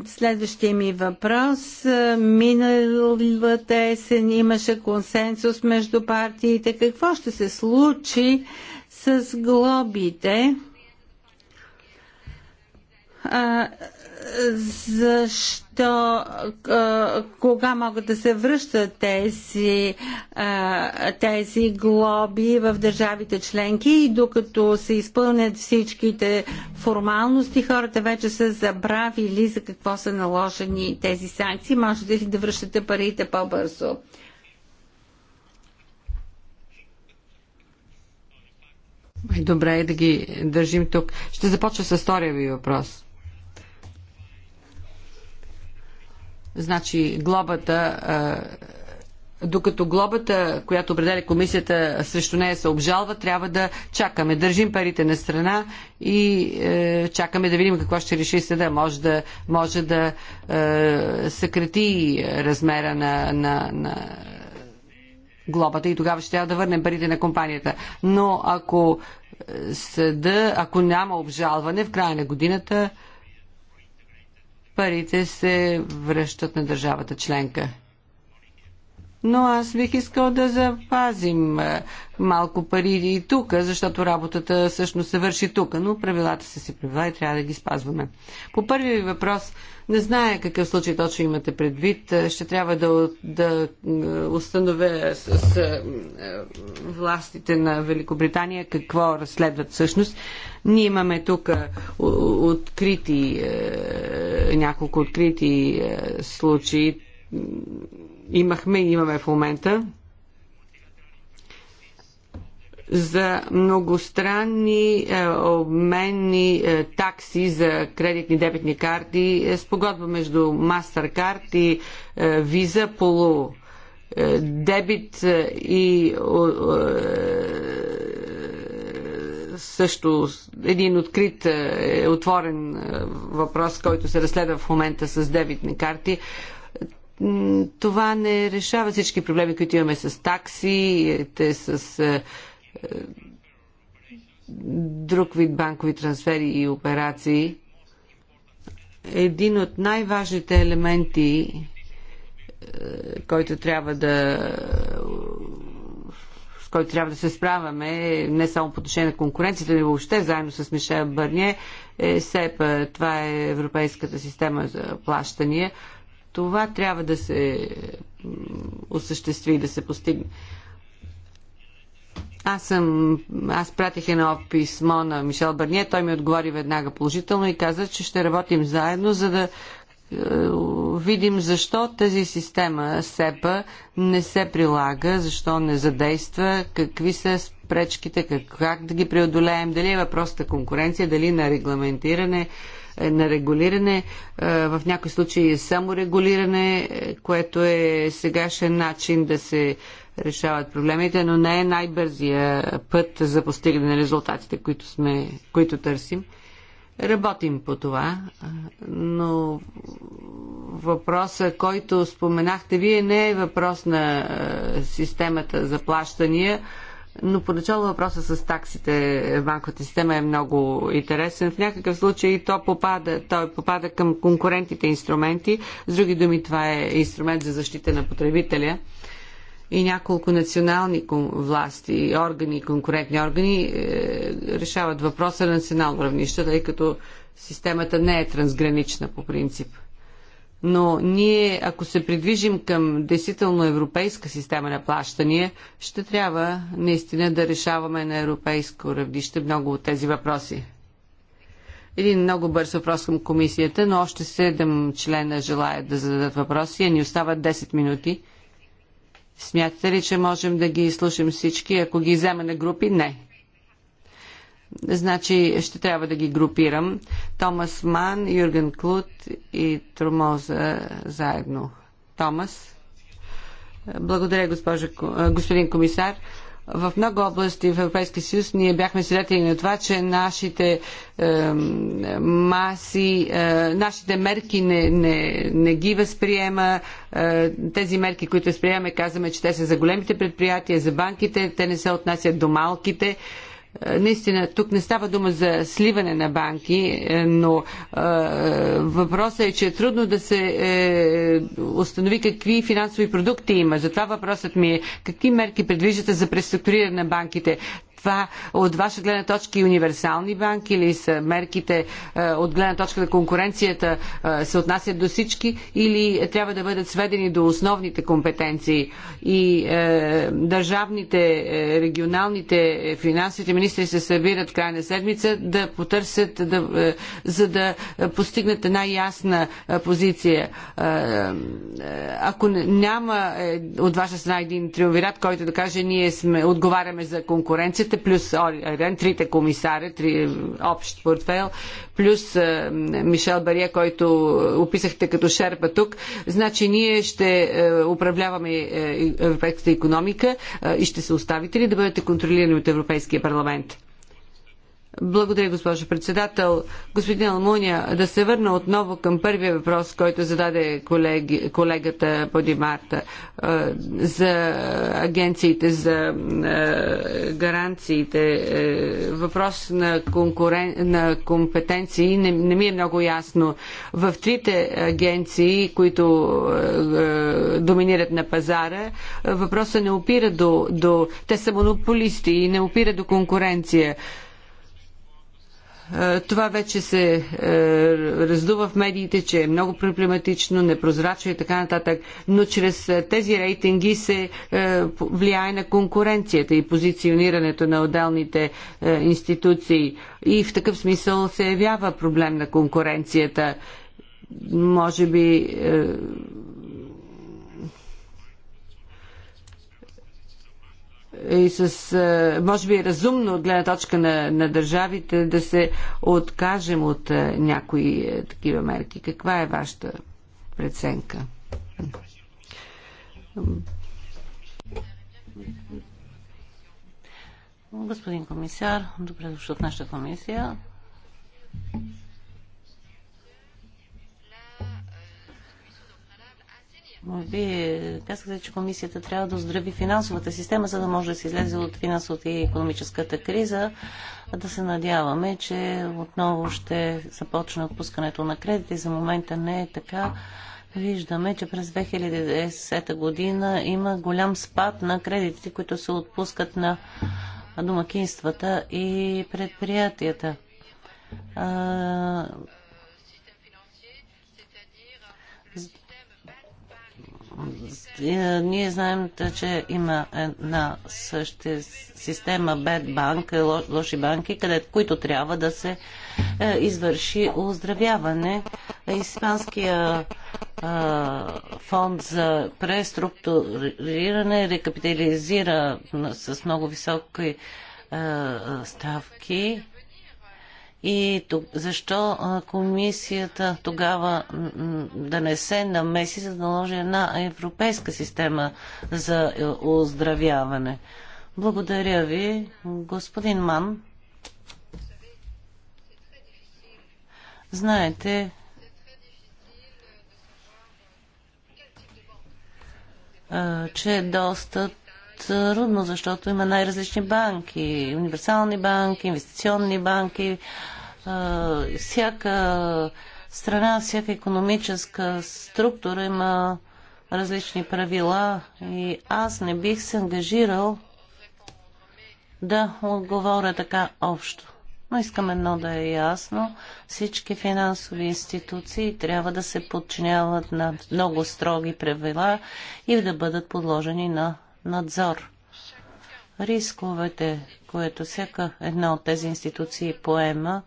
следващия ми въпрос. Е, миналата есен имаше консенсус между партиите. Какво ще се случи с глобите? защо, кога могат да се връщат тези, тези глоби в държавите членки и докато се изпълнят всичките формалности, хората вече са забравили за какво са наложени тези санкции. Можете ли да връщате парите по-бързо? Добре е да ги държим тук. Ще започна с втория ви въпрос. Значи глобата докато глобата, която определя комисията, срещу нея се обжалва, трябва да чакаме. Държим парите на страна и е, чакаме да видим какво ще реши съда. Може да, може да е, съкрати размера на, на, на глобата и тогава ще трябва да върнем парите на компанията. Но ако е, съда, ако няма обжалване в края на годината, е, парите се връщат на държавата членка но аз бих искал да запазим е, малко пари и тук, защото работата всъщност се върши тук, но правилата са си правила и трябва да ги спазваме. По първият ви въпрос, не зная какъв случай точно имате предвид, е, ще трябва да, да е, установя с, с властите на Великобритания какво разследват всъщност. Ние имаме тук открити, няколко открити случаи, имахме и имаме в момента за многостранни е, обменни е, такси за кредитни дебетни карти е, спогодба между MasterCard и е, Visa полу е, дебит е, и е, също един открит, е, отворен е, въпрос, който се разследва в момента с дебитни карти това не решава всички проблеми, които имаме с такси, те с е, е, друг вид банкови трансфери и операции. Един от най-важните елементи, е, който трябва да с който трябва да се справяме, не само по отношение на конкуренцията, но въобще заедно с Мишел Бърне, е СЕПА. Това е Европейската система за плащания това трябва да се осъществи, да се постигне. Аз съм, аз пратих едно писмо на Мишел Барния, той ми отговори веднага положително и каза, че ще работим заедно, за да е, видим защо тази система СЕПА не се прилага, защо не задейства, какви са пречките, как, как да ги преодолеем, дали е въпросата конкуренция, дали на регламентиране, е, на регулиране, е, в някои случаи е саморегулиране, което е сегашен начин да се решават проблемите, но не е най-бързия път за постигане на резултатите, които, сме, които търсим. Работим по това, но въпросът, който споменахте вие, не е въпрос на системата за плащания, но поначало въпроса с таксите, банковата система е много интересен. В някакъв случай то попада, той попада към конкурентите инструменти. С други думи, това е инструмент за защита на потребителя. И няколко национални власти, органи, конкурентни органи е, решават въпроса на национално равнище, тъй като системата не е трансгранична по принцип но ние, ако се придвижим към действително европейска система на плащания, ще трябва наистина да решаваме на европейско равнище много от тези въпроси. Един много бърз въпрос към комисията, но още 7 члена желаят да зададат въпроси, а ни остават 10 минути. Смятате ли, че можем да ги изслушам всички? Ако ги вземе на групи, не. Значи ще трябва да ги групирам. Томас Ман, Юрген Клут и Тромоза заедно. Томас. Благодаря, госпожа, господин комисар в много области в Европейския съюз ние бяхме свидетели на това, че нашите е, маси, е, нашите мерки не, не, не ги възприема. Е, тези мерки, които възприемаме, казваме, че те са за големите предприятия, за банките, те не се отнасят до малките. Е, е, наистина тук не става дума за сливане на банки, е, но е, въпросът е, че е трудно да се установи какви финансови продукти има. Затова въпросът ми е какви мерки предвиждате за преструктуриране на банките, това от ваша гледна точка и универсални банки или са мерките е, от гледна точка на конкуренцията е, се отнасят до всички или трябва да бъдат сведени до основните компетенции и е, държавните, регионалните, финансовите министри се събират в края на седмица да потърсят, да, за да постигнат една ясна позиция. ако няма от ваша страна един триумвират, който да каже ние сме, отговаряме за конкуренцията, комисията, плюс Орен, трите комисари, три, е, общ портфел, плюс е, Мишел Бария, който описахте като шерпа тук. Значи ние ще е, управляваме европейската економика и ще се оставите ли да бъдете контролирани от Европейския парламент? Благодаря, госпожо председател. Господин Алмуня, да се върна отново към първия въпрос, който зададе колеги, колегата Подимарта е, за агенциите, за е, гаранциите. Е, въпрос на, конкурен... на компетенции не, не ми е много ясно. В трите агенции, които доминират на пазара, въпросът не опира до, до... Те са монополисти и не опира до конкуренция. Е, това вече се е, раздува в медиите, че е много проблематично, непрозрачно и така нататък, но чрез е, тези рейтинги се влияе на конкуренцията и позиционирането на отделните институции и в такъв смисъл се явява проблем на конкуренцията. Може би Е и с, е, може би е разумно от гледна точка на, на държавите да се откажем от е, някои такива мерки. Каква е вашата преценка? Господин комисар, добре дошъл в нашата комисия. Вие казахте, че комисията трябва да оздрави финансовата система, за да може да се излезе от финансовата и економическата криза. Да се надяваме, че отново ще започне отпускането на кредити. За момента не е така. Виждаме, че през 2010 година има голям спад на кредитите, които се отпускат на домакинствата и предприятията Е, ние знаем, че има една съща система Bad Bank, е лоши банки, където, които трябва да се е, извърши оздравяване. Испанския фонд за преструктуриране рекапитализира с много високи ставки и тук, защо комисията тогава да не се намеси, за да наложи една европейска система за е, оздравяване? Благодаря ви, господин Ман. Знаете, че е доста трудно, защото има най-различни банки. Универсални банки, инвестиционни банки. Всяка страна, всяка економическа структура има различни правила и аз не бих се ангажирал да отговоря така общо. Но искам едно да е ясно. Всички финансови институции трябва да се подчиняват на много строги правила и да бъдат подложени на надзор. Рисковете, което всяка една от тези институции поема,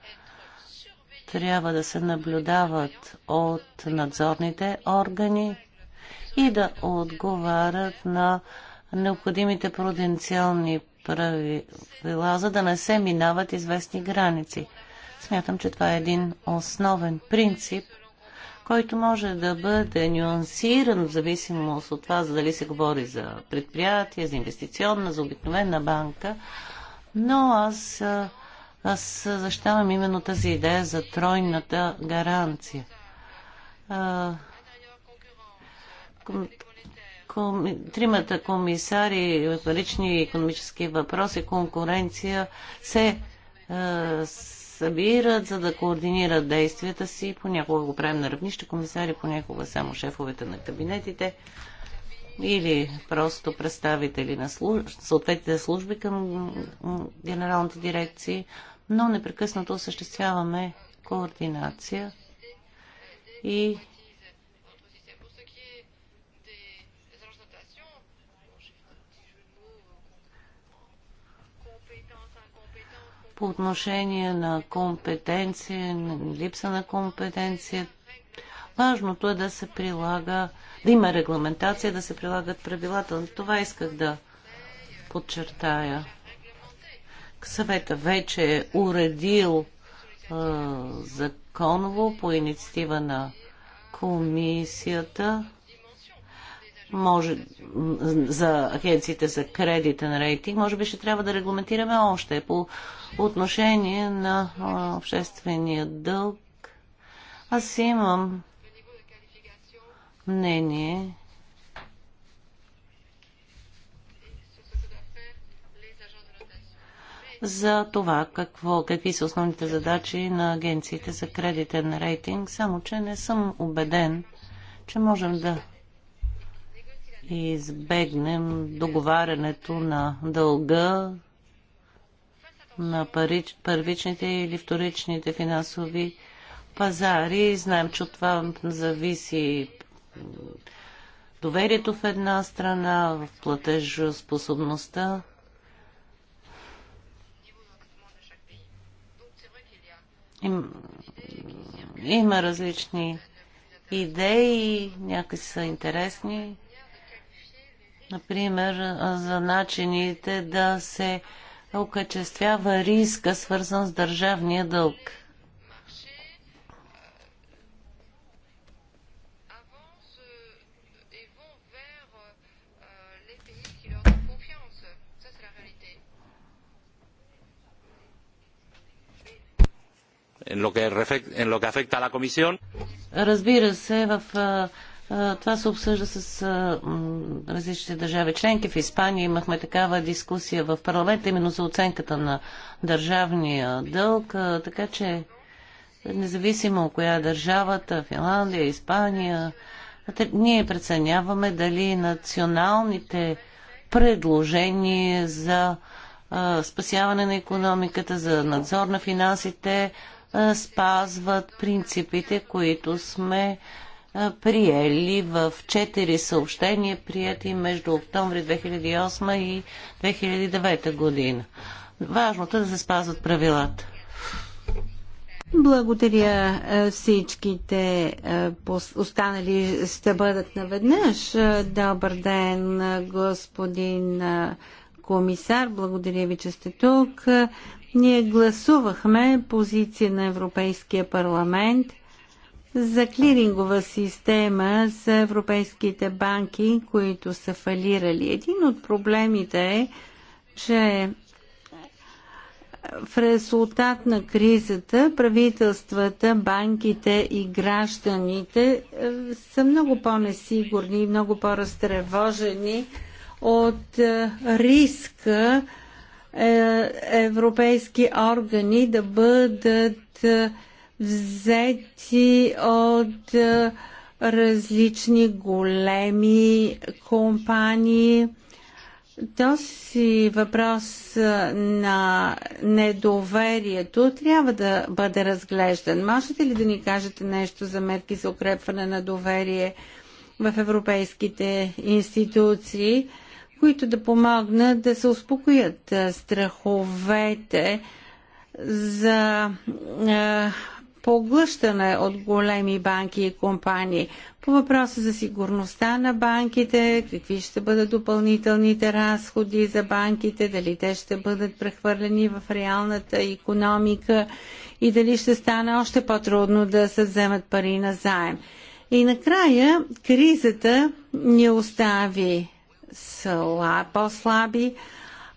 трябва да се наблюдават от надзорните органи и да отговарят на необходимите пруденциални правила, за да не се минават известни граници. Смятам, че това е един основен принцип – който може да бъде нюансиран в зависимост от това, за дали се говори за предприятие, за инвестиционна, за обикновена банка. Но аз, аз защитавам именно тази идея за тройната гаранция. тримата комисари в парични економически въпроси, конкуренция се събират, за да координират действията си. Понякога го правим на равнище комисари, понякога само шефовете на кабинетите или просто представители на служ... съответните служби към генералните дирекции, но непрекъснато осъществяваме координация и по отношение на компетенция, липса на компетенция. Важното е да се прилага, да има регламентация, да се прилагат правилата. Това исках да подчертая. Съвета вече е уредил е, законово по инициатива на комисията може, за агенциите за кредитен рейтинг, може би ще трябва да регламентираме още по отношение на обществения дълг. Аз имам мнение, за това какво, какви са основните задачи на агенциите за кредитен рейтинг, само че не съм убеден, че можем да избегнем договарянето на дълга на парич, първичните или вторичните финансови пазари. Знаем, че от това зависи доверието в една страна, в платежоспособността. Им, има различни идеи, някои са интересни, Например, за начините да се окачествява риска, свързан с държавния дълг. Разбира се, в това се обсъжда с различните държави членки. В Испания имахме такава дискусия в парламента, именно за оценката на държавния дълг. Така че, независимо коя е държавата, Финландия, Испания, ние преценяваме дали националните предложения за спасяване на економиката, за надзор на финансите спазват принципите, които сме приели в четири съобщения, прияти между октомври 2008 и 2009 година. Важното е да се спазват правилата. Благодаря всичките останали ще бъдат наведнъж. Добър ден, господин комисар. Благодаря ви, че сте тук. Ние гласувахме позиция на Европейския парламент – за клирингова система за европейските банки, които са фалирали. Един от проблемите е, че в резултат на кризата правителствата, банките и гражданите е, са много по-несигурни и много по-разтревожени от е, риска е, европейски органи да бъдат взети от е, различни големи компании. Този въпрос е, на недоверието трябва да бъде разглеждан. Можете ли да ни кажете нещо за мерки за укрепване на доверие в европейските институции, които да помогнат да се успокоят е, страховете за поглъщане от големи банки и компании. По въпроса за сигурността на банките, какви ще бъдат допълнителните разходи за банките, дали те ще бъдат прехвърлени в реалната економика и дали ще стане още по-трудно да се вземат пари на заем. И накрая кризата ни остави по-слаби,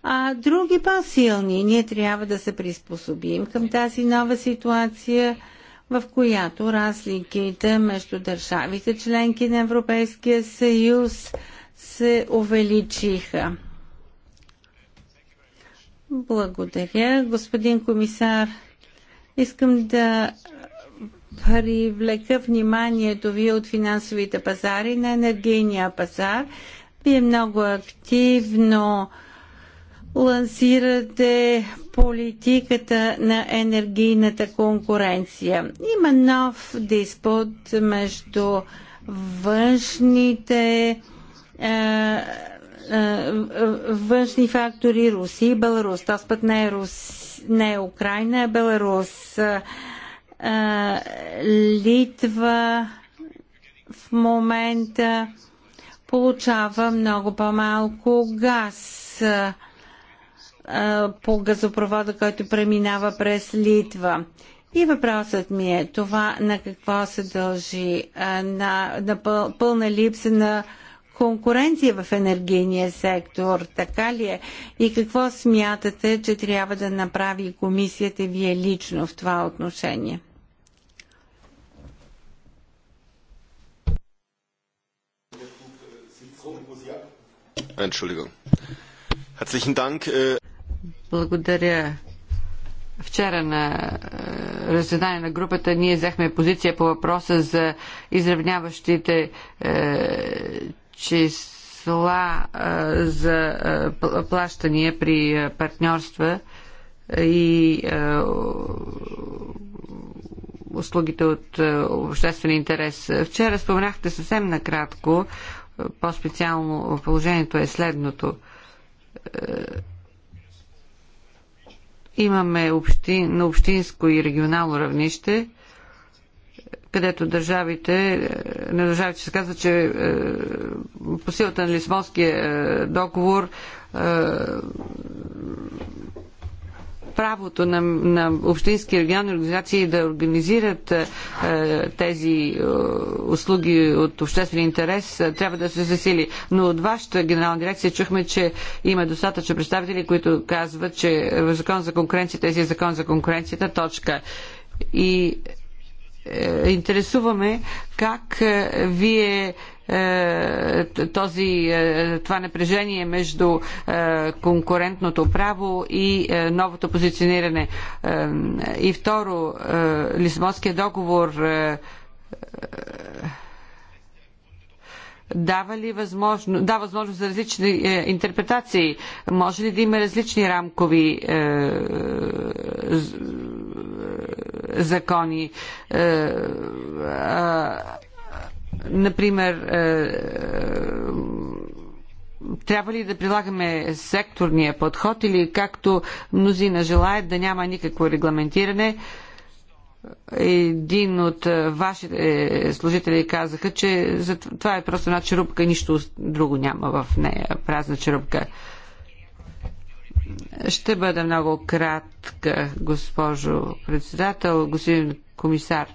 а други по-силни. Ние трябва да се приспособим към тази нова ситуация – в която разликите между държавите членки на Европейския съюз се увеличиха. Благодаря, господин комисар. Искам да привлека вниманието ви от финансовите пазари на енергийния пазар. Вие много активно лансирате политиката на енергийната конкуренция. Има нов диспут между външните е, е външни фактори Руси и Беларус. Този път не е, Рус, не е Украина, а Беларус. Е, е, Литва в момента получава много по-малко газ по газопровода, който преминава през Литва. И въпросът ми е това на какво се дължи, на, на пълна липса на конкуренция в енергийния сектор, така ли е? И какво смятате, че трябва да направи комисията вие лично в това отношение? Entschuldigung. Herzlichen Dank. Äh, благодаря. Вчера на е, разседание на групата ние взехме позиция по въпроса за изравняващите е, числа е, за е, плащания при е, партньорства е, и е, услугите от е, обществен интерес. Вчера споменахте съвсем накратко, е, по-специално положението е следното. Е, Имаме общин, на общинско и регионално равнище, където държавите, е, на държавите се казва, че е, по силата на Лисмонския е, договор е, правото на, на общински регионални организации да организират е, тези е, услуги от обществен интерес е, трябва да се засили. Но от вашата генерална дирекция чухме, че има достатъчно представители, които казват, че в закон за конкуренцията, тези закон за конкуренцията, точка. И е, интересуваме как е, вие е, този, е, това напрежение между е, конкурентното право и новото позициониране. И второ, Лисмонския договор дава ли възможност дава възможност за различни интерпретации? Може ли да има различни рамкови закони? Например, е, трябва ли да прилагаме секторния подход или както мнозина желаят да няма никакво регламентиране? Един от е, вашите е, служители казаха, че това е просто една черупка и нищо друго няма в нея, празна черупка. Ще бъда много кратка, госпожо председател, господин комисар.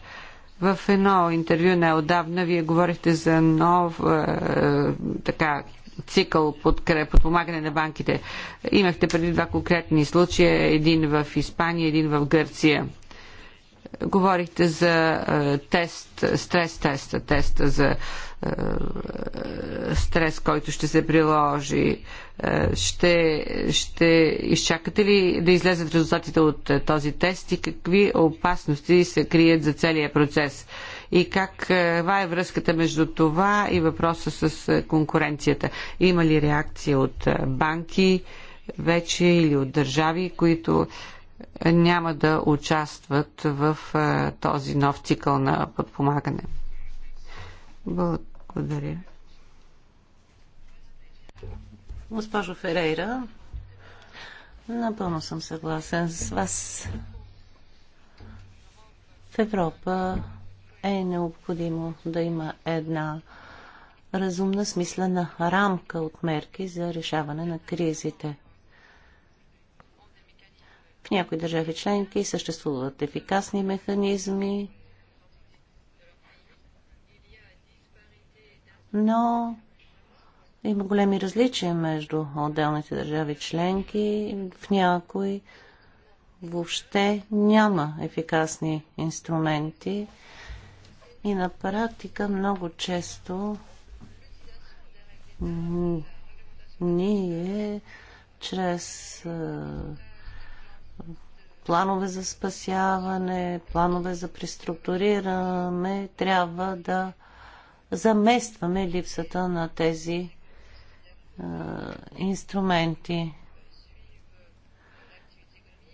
В едно интервю неодавна вие говорихте за нов е, така, цикъл подпомагане на банките. Имахте преди два конкретни случая, един в Испания, един в Гърция. Говорихте за е, тест, стрес теста, теста за е, стрес, който ще се приложи. Е, ще, ще изчакате ли да излезат резултатите от е, този тест и какви опасности се крият за целия процес? И каква е връзката между това и въпроса с конкуренцията? Има ли реакция от банки вече или от държави, които няма да участват в този нов цикъл на подпомагане? Благодаря. Благодаря. Госпожо Ферейра, напълно съм съгласен с вас. В Европа е необходимо да има една разумна смислена рамка от мерки за решаване на кризите. В някои държави членки съществуват ефикасни механизми, но има големи различия между отделните държави членки. В някои въобще няма ефикасни инструменти и на практика много често ние чрез планове за спасяване, планове за преструктуриране, трябва да заместваме липсата на тези а, инструменти.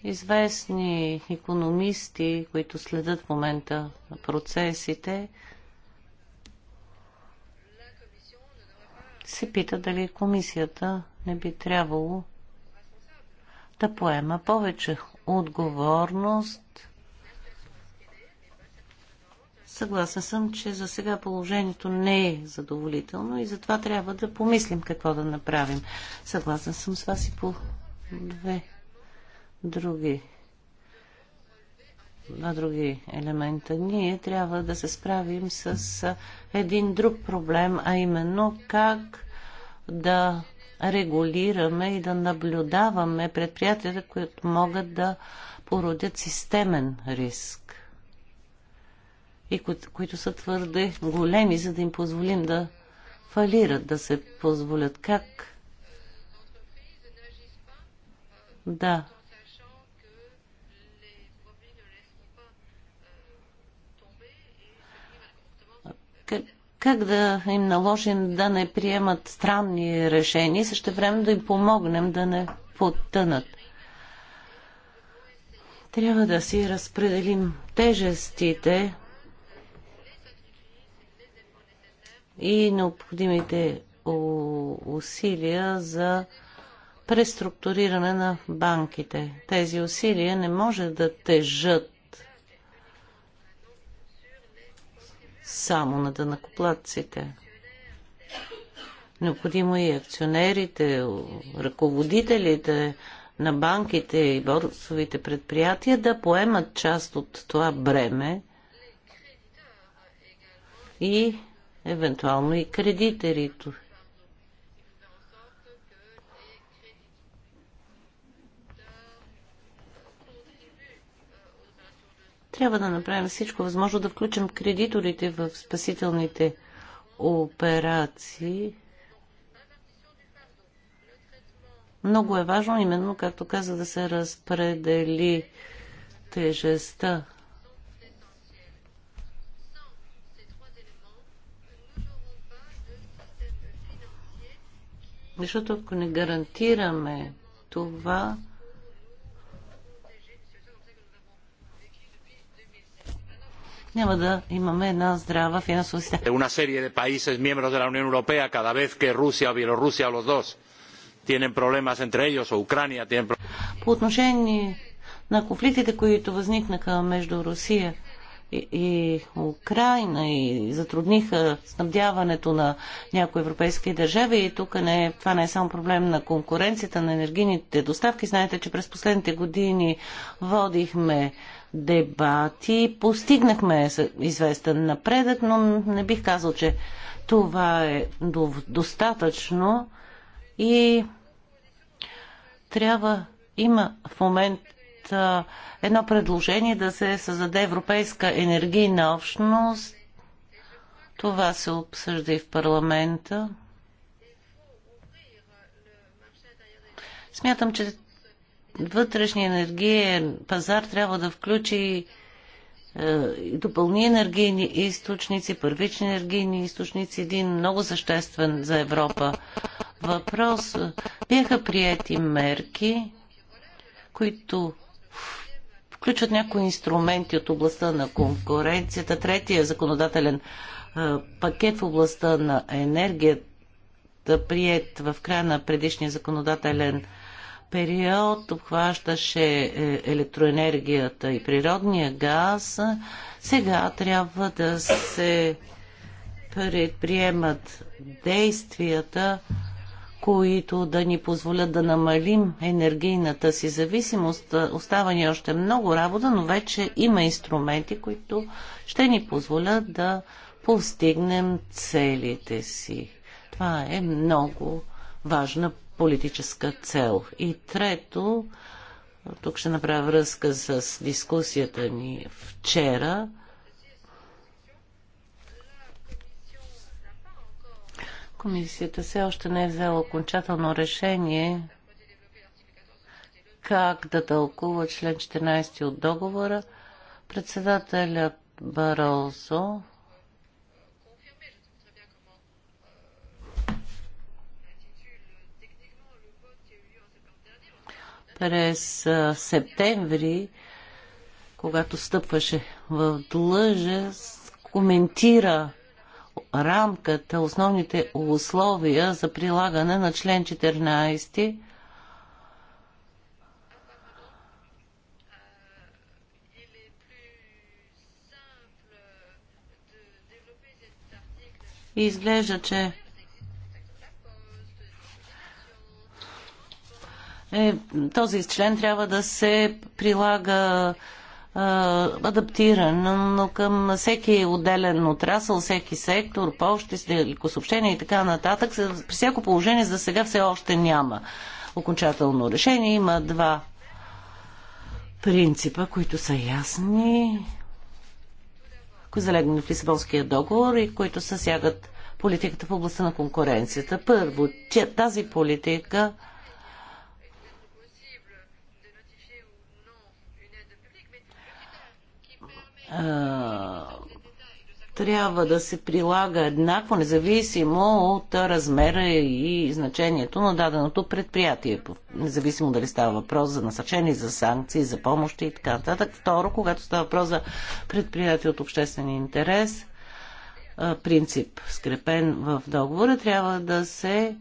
Известни економисти, които следят в момента процесите, се пита дали комисията не би трябвало да поема повече отговорност Съгласен съм, че за сега положението не е задоволително и затова трябва да помислим какво да направим. Съгласен съм с вас и по две други на други елемента. Ние трябва да се справим с един друг проблем, а именно как да регулираме и да наблюдаваме предприятията, които могат да породят системен риск и които са твърде големи, за да им позволим да фалират, да се позволят. Как да как, как да им наложим да не приемат странни решения и също време да им помогнем да не потънат. Трябва да си разпределим тежестите и необходимите усилия за преструктуриране на банките. Тези усилия не може да тежат само на дънакоплатците. Необходимо е и акционерите, ръководителите на банките и борсовите предприятия да поемат част от това бреме и евентуално и кредиторите. Трябва да направим всичко възможно да включим кредиторите в спасителните операции. Много е важно именно, както каза, да се разпредели тежестта Защото ако не гарантираме това, няма да имаме една здрава финансова система. Една серия от países miembros de la Unión cada vez que Rusia o los dos tienen problemas entre ellos o tienen problemas. По отношение на конфликтите, които възникнаха между Русия и, Украина и затрудниха снабдяването на някои европейски държави и тук не, това не е само проблем на конкуренцията на енергийните доставки. Знаете, че през последните години водихме дебати, постигнахме известен напредък, но не бих казал, че това е достатъчно и трябва има в момент едно предложение да се създаде Европейска енергийна общност. Това се обсъжда и в парламента. Смятам, че вътрешния енергиен пазар трябва да включи е, и допълни енергийни източници, първични енергийни източници, един много съществен за Европа въпрос. Бяха приети мерки, които включват някои инструменти от областта на конкуренцията. Третия законодателен пакет в областта на енергията, прият в края на предишния законодателен период, обхващаше е, електроенергията и природния газ. Сега трябва да се предприемат действията които да ни позволят да намалим енергийната си зависимост. Е, остава ни още много работа, но вече има инструменти, които ще ни позволят да постигнем целите си. Това е много важна политическа цел. И трето, тук ще направя връзка с дискусията ни вчера – Комисията все още не е взела окончателно решение как да тълкува член 14 от договора. Председателя Барозо през септември, когато стъпваше в длъжест, коментира рамката, основните условия за прилагане на член 14 И изглежда, че е, този член трябва да се прилага адаптирано към всеки отделен отрасъл, всеки сектор, почти, далекосъобщения и така нататък. При всяко положение за сега все още няма окончателно решение. Има два принципа, които са ясни, които залегнат в Лисабонския договор и които съсягат политиката в областта на конкуренцията. Първо, тази политика трябва да се прилага еднакво, независимо от размера и значението на даденото предприятие. Независимо дали става въпрос за насъчени, за санкции, за помощи и така нататък. Второ, когато става въпрос за предприятие от обществен интерес, принцип, скрепен в договора, трябва да се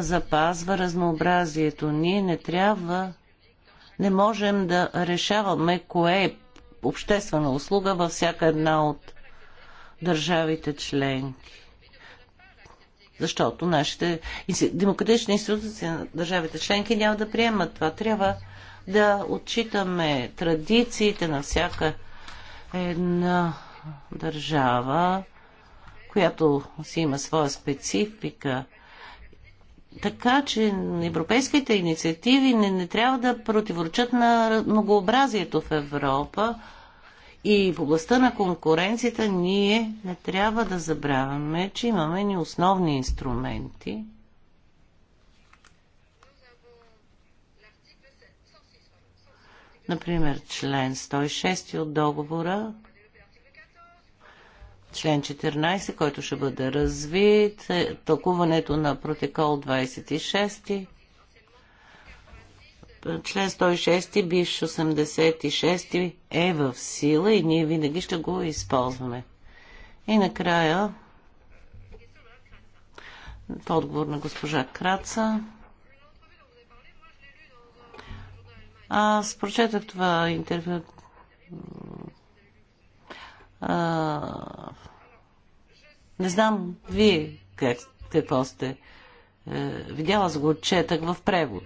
запазва разнообразието. Ние не трябва, не можем да решаваме кое е обществена услуга във всяка една от държавите членки. Защото нашите демократични институции на държавите членки няма да приемат това. Трябва да отчитаме традициите на всяка една държава, която си има своя специфика – така че европейските инициативи не, не трябва да противоречат на многообразието в Европа и в областта на конкуренцията ние не трябва да забравяме, че имаме ни основни инструменти. Например, член 106 от договора, член 14, който ще бъде развит, е тълкуването на протокол 26, член 106, биш 86 е в сила и ние винаги ще го използваме. И накрая в отговор на госпожа Краца. Аз прочетах това интервю а, не знам вие как, какво сте. А, е, видяла с го четах в превод.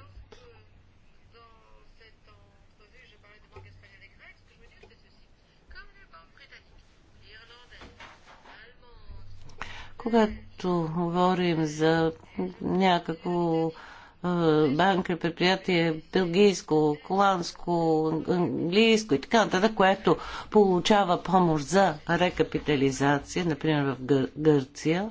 Когато говорим за някакво банка, предприятие белгийско, холандско, английско и така нататък, което получава помощ за рекапитализация, например в Гърция.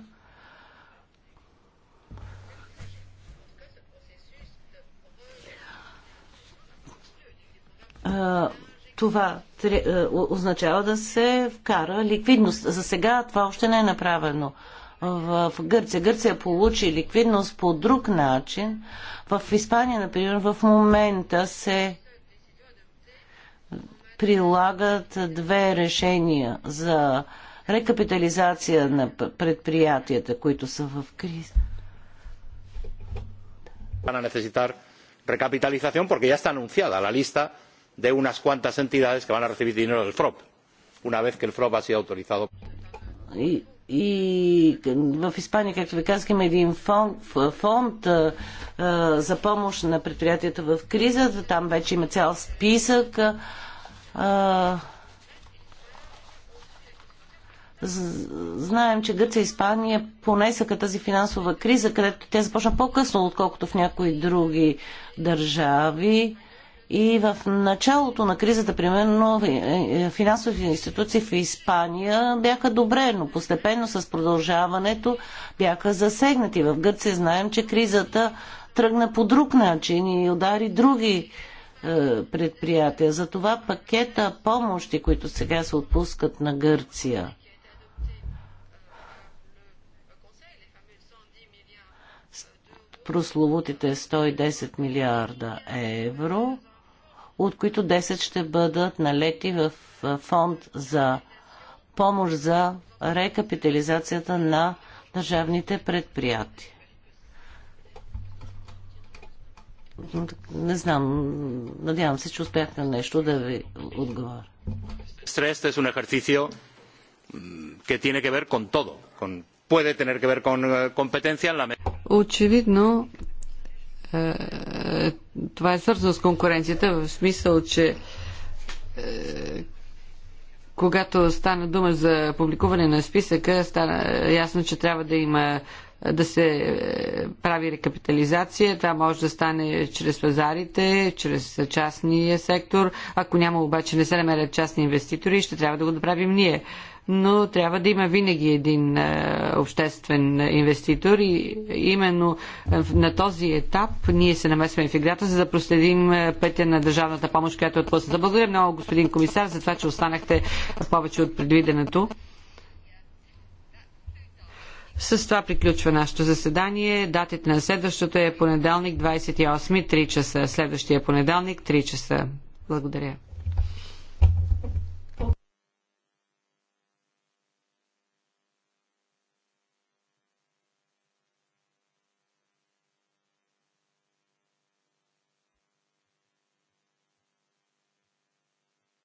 това означава да се вкара ликвидност. За сега това още не е направено в Гърция. Гърция получи ликвидност по друг начин. В Испания, например, в момента се прилагат две решения за рекапитализация на предприятията, които са в криза. Van a necesitar recapitalización porque ya está anunciada la lista de unas cuantas entidades que van a recibir dinero del FROP, una vez que el FROP ha sido autorizado. И и в Испания, както ви казах, има един фонд, фонд а, а, за помощ на предприятията в криза. Там вече има цял списък. А, знаем, че Гърция и Испания понесаха тази финансова криза, където тя започна по-късно, отколкото в някои други държави. А, и в началото на кризата, примерно, е, е, финансови институции в Испания бяха добре, но постепенно с продължаването бяха засегнати. В Гърция знаем, че кризата тръгна по друг начин и удари други е, предприятия. Затова пакета помощи, които сега се отпускат на Гърция, прословутите 110 милиарда евро – от които 10 ще бъдат налети в фонд за помощ за рекапитализацията на държавните предприятия. Не знам, надявам се, че успях на нещо да ви отговоря. Стрес е un ejercicio que tiene que ver con todo, con puede tener que ver con э, competencia en la Очевидно, е, това е свързано с конкуренцията в смисъл, че е, когато стана дума за публикуване на списъка, стана ясно, че трябва да има да се е, прави рекапитализация. Това може да стане чрез пазарите, чрез частния сектор. Ако няма обаче не се намерят частни инвеститори, ще трябва да го направим ние но трябва да има винаги един е, обществен инвеститор и именно е, на този етап ние се намесваме в играта, за да проследим е, пътя на държавната помощ, която е отпусната. Благодаря много, господин комисар, за това, че останахте повече от предвиденото. С това приключва нашето заседание. Датите на следващото е понеделник 28.3 часа. Следващия понеделник 3 часа. Благодаря.